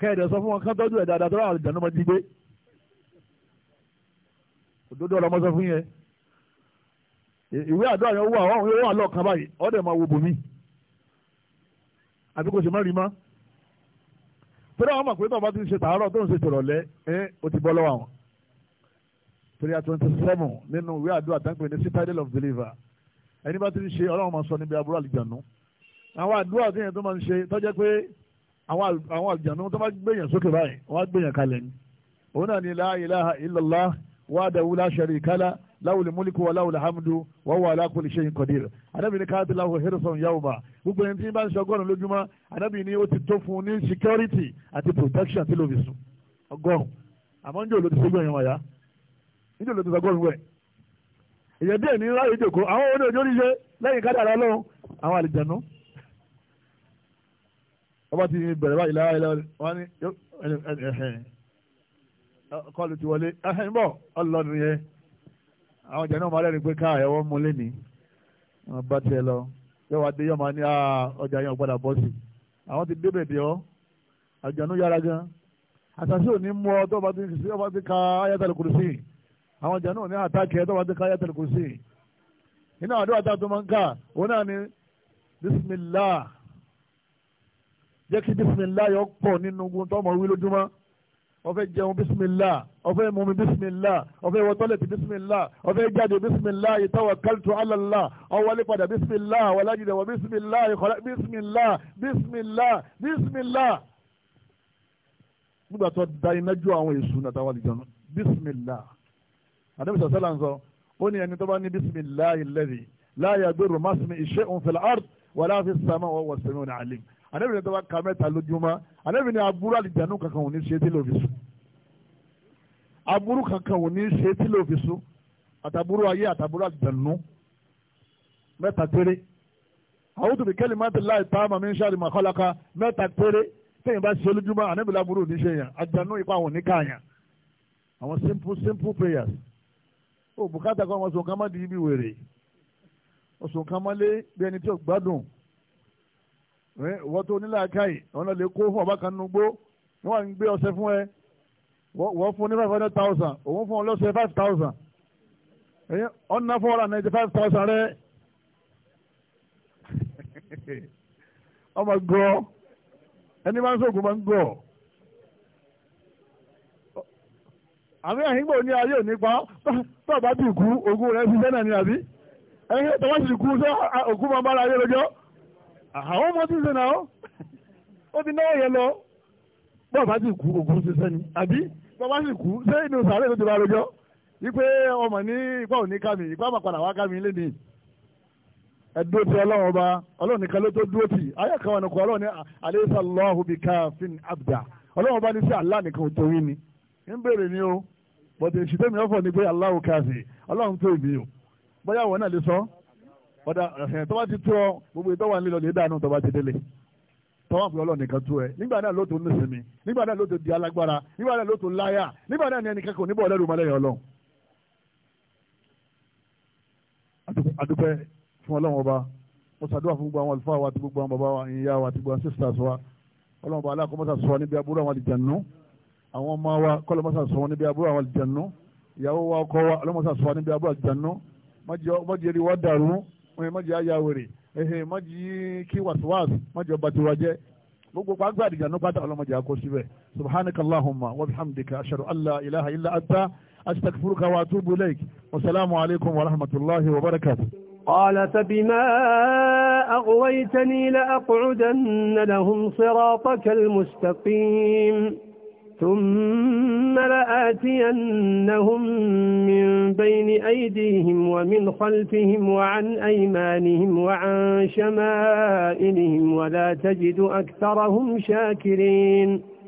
kẹ́ẹ̀dẹ̀ sọ fún wọn kán tọ́jú ẹ̀ dáadáa tọ́lọ̀ àwọn ìdáná máa ti gbé òdodo ọ̀rọ̀ mọ́sọ fún yẹn ìwé àdúrà yẹn wà ọ̀hún yóò wà lọ́ọ̀kan báyìí ọ̀dẹ̀ máa wo bòmí àbí kò sì má rí má torí àwọn màkúrẹ́ bàbá ti ń ṣe tàárọ̀ tó ń ṣe tòrọ̀lẹ́ ẹ ó ti bọ́ lọ́wọ́ àwọn torí a twenty seven nínú ìwé àdúrà tán pé ní citadel of believer ẹni bá ti ń ṣe ọlọ́run máa sọ níbi aburú àlìjànú àwọn àdúrà tí yẹn tó máa ń ṣe tó jẹ́ pé àwọn àjànú tó bá gbèyàn sókè báyìí wọ́n á gbèyàn kalẹ̀ ni òun náà ni la ilaha illallah wahdahu la sharika lah láwùlẹ̀ múlíkù wà láwùlẹ̀ hamdu wà wà ala kulli shay'in qadir anábì ní káàtì láwùlẹ̀ hẹ́rẹ́sọ̀n yawma gbogbo ẹni tí ń bá ń ṣe ọgọ́rùn lójúmọ́ anábì ní ó ti tó fún un ní security àti protection tí ló sùn ọgọ́rùn àmọ́ níjọ́ ló ti sẹ́gbọ̀n yẹn wáyà níjọ́ ló ti sọgọ́rùn wẹ̀ èyàn díẹ̀ ní ráyè jòkó àwọn oníjó ní ṣe lẹ́yìn kádàrá ọlọ́run àwọn àlìjànú wọ́n bá ti bẹ̀rẹ̀ báyìí lára ilẹ̀ wọn ni kọ́ọ̀lù ti wọlé ẹ̀hìn bọ̀ ọlọ́nu yẹn àwọn ìjà náà máa rẹ́rìn pé káà ẹ̀wọ́n mú lé ní wọn bá tiẹ̀ lọ yóò wá dé yóò máa ní ọjà yẹn ọ̀gbọ́dà bọ́ọ̀sì àwọn ti débẹ̀ dé ọ́ àjànú yára gan àtàṣe òní mú ọ tó ti sí ọba ti ka ayatollah kùrùsì àwọn ìjà náà àtàkẹ́ tó ti ka ayatollah kùrùsì iná àdúrà tá a tó máa ń kà òun náà ní bismillah jẹ́ kí bisimilayi ọ̀pọ̀ nínú ogun tó ọmọ wí lójúmọ́ ọfẹ́ jẹun bisimilah ọfẹ́ mumi bisimilah ọfẹ́ wọ tọ́lẹ̀tì bisimilah ọfẹ́ jáde bisimilah tawakkaltu ala Allah ọwọ́lé padà bisimilah wàlájúdẹ̀ wọ bisimilah ìkọ́lá bisimilah bisimilah bisimilah. nígbà tó da iná ju àwọn èṣù nàtàwọn àlejò náà bisimilah àdébísọ̀ sọ́là ń sọ ó ní ẹni tó bá ní bisimilah alladhi la yadurru ma'asmihi shay'un fil ard wala fis sama'i wa huwa as-sami'ul 'alim ànábì ní tó bá ka mẹ́ta lójúmọ́ ànábì ní aburú àlìjánu kankan ò ní ṣe tí ló fi sùn aburú kankan ò ní ṣe tí ló fi sùn àtàbúrú ayé àtàbúrú àlìjánu mẹ́ta péré a'udhu bi kalimati llahi taama min sharri ma khalaqa mẹ́ta péré téèyàn bá ṣe lójúmọ́ ànábì láburú ò ní ṣe yàn àlìjánu ipa àwọn oníkàyàn àwọn simple simple prayers O bùkátà kan wọn sùn ká má di ibi wèrè wọn sùn ká má lé bí ẹni tí ò wọ́n tó nílẹ̀ akáyì wọ́n lọ lè kó fún ọba kan nugbó wọ́n wà ń gbé ọṣẹ fún ẹ wọ́n fún ní five hundred thousand òun fún ọ lọ́sẹ̀ five thousand ọ̀nà four hundred ninety five thousand rẹ ọmọ gọ ẹni máa ń sọ̀gùn máa ń gọ àmì àhíngbò ní ayé òní pa tó bá ti kú ogún rẹ ṣiṣẹ́ náà ni àbí ẹni tó bá ti kú sọ òkú máa bára ayé lọ́jọ́. àwọn ọmọ tí ń ṣe náà ó ti náwó yẹn lọ bọ́ọ̀ sì kú òkúrú ṣiṣẹ́ ni àbí bọ́ọ̀ sì kú ṣé inú sàárè ló ti bá rojọ́ wípé ọmọ ní ipá òní kàmì wá lé ní ẹdúró ti ọlọ́run ọba ọlọ́run nìkan ló tó dúró tì ayé kan wọn kọ ọlọ́run ní káfíń abdá ọlọ́run ọba ni ń bèrè ni o bọ̀dẹ̀ ọ̀fọ̀ ni ọ̀dà ẹ̀sìn tó bá ti tú ọ gbogbo ìtọ́wà ń lé lọ́lẹ̀ dànù tó bá ti délé tọ́wọ́n fi ọlọ́ọ̀ nìkan tú ẹ nígbà náà ló tó ń sinmi nígbà náà ló tó di alágbára nígbà náà ló tó láyà nígbà náà ni ẹnìkan kò níbọ̀ ọlẹ́rù mọ́lẹ́yìn ọlọ́run. àdúpẹ́ fún ọlọ́run ọba mo ṣàdúrà fún gbogbo àwọn àlùfáà wa àti gbogbo àwọn bàbá wa ìyá wa àti gbogbo àwọn sisters wa ọlọ́run ọba aláàkọ́mọ́sà sọ níbi aburú àwọn àlìjànú àwọn ọmọ wa kọ́lọ́mọ́sà sọ níbi aburú àwọn àlìjànú ìyàwó wa ọkọ wa ọlọ́mọ́sà sọ níbi aburú àlìjànú mọ́jẹ́rì wa dàrú wọn mọ̀jì ayáwèrè ẹ̀hìn mọ̀jì kí wàsíwàsí mọ̀jì ọba tiwa jẹ́ gbogbo pàǹgbà àdìjà ní pátá ọlọ́mọdé àkó síbẹ̀ subhanaka allahumma wa bihamdika ashhadu an la ilaha illa anta astaghfiruka wa atubu ilaik wasalaamu alaykum wa rahmatulahi wa barakatuh. قال فبما أغويتني لأقعدن لهم صراطك المستقيم ثم لآتينهم من بين أيديهم ومن خلفهم وعن أيمانهم وعن شمائلهم ولا تجد أكثرهم شاكرين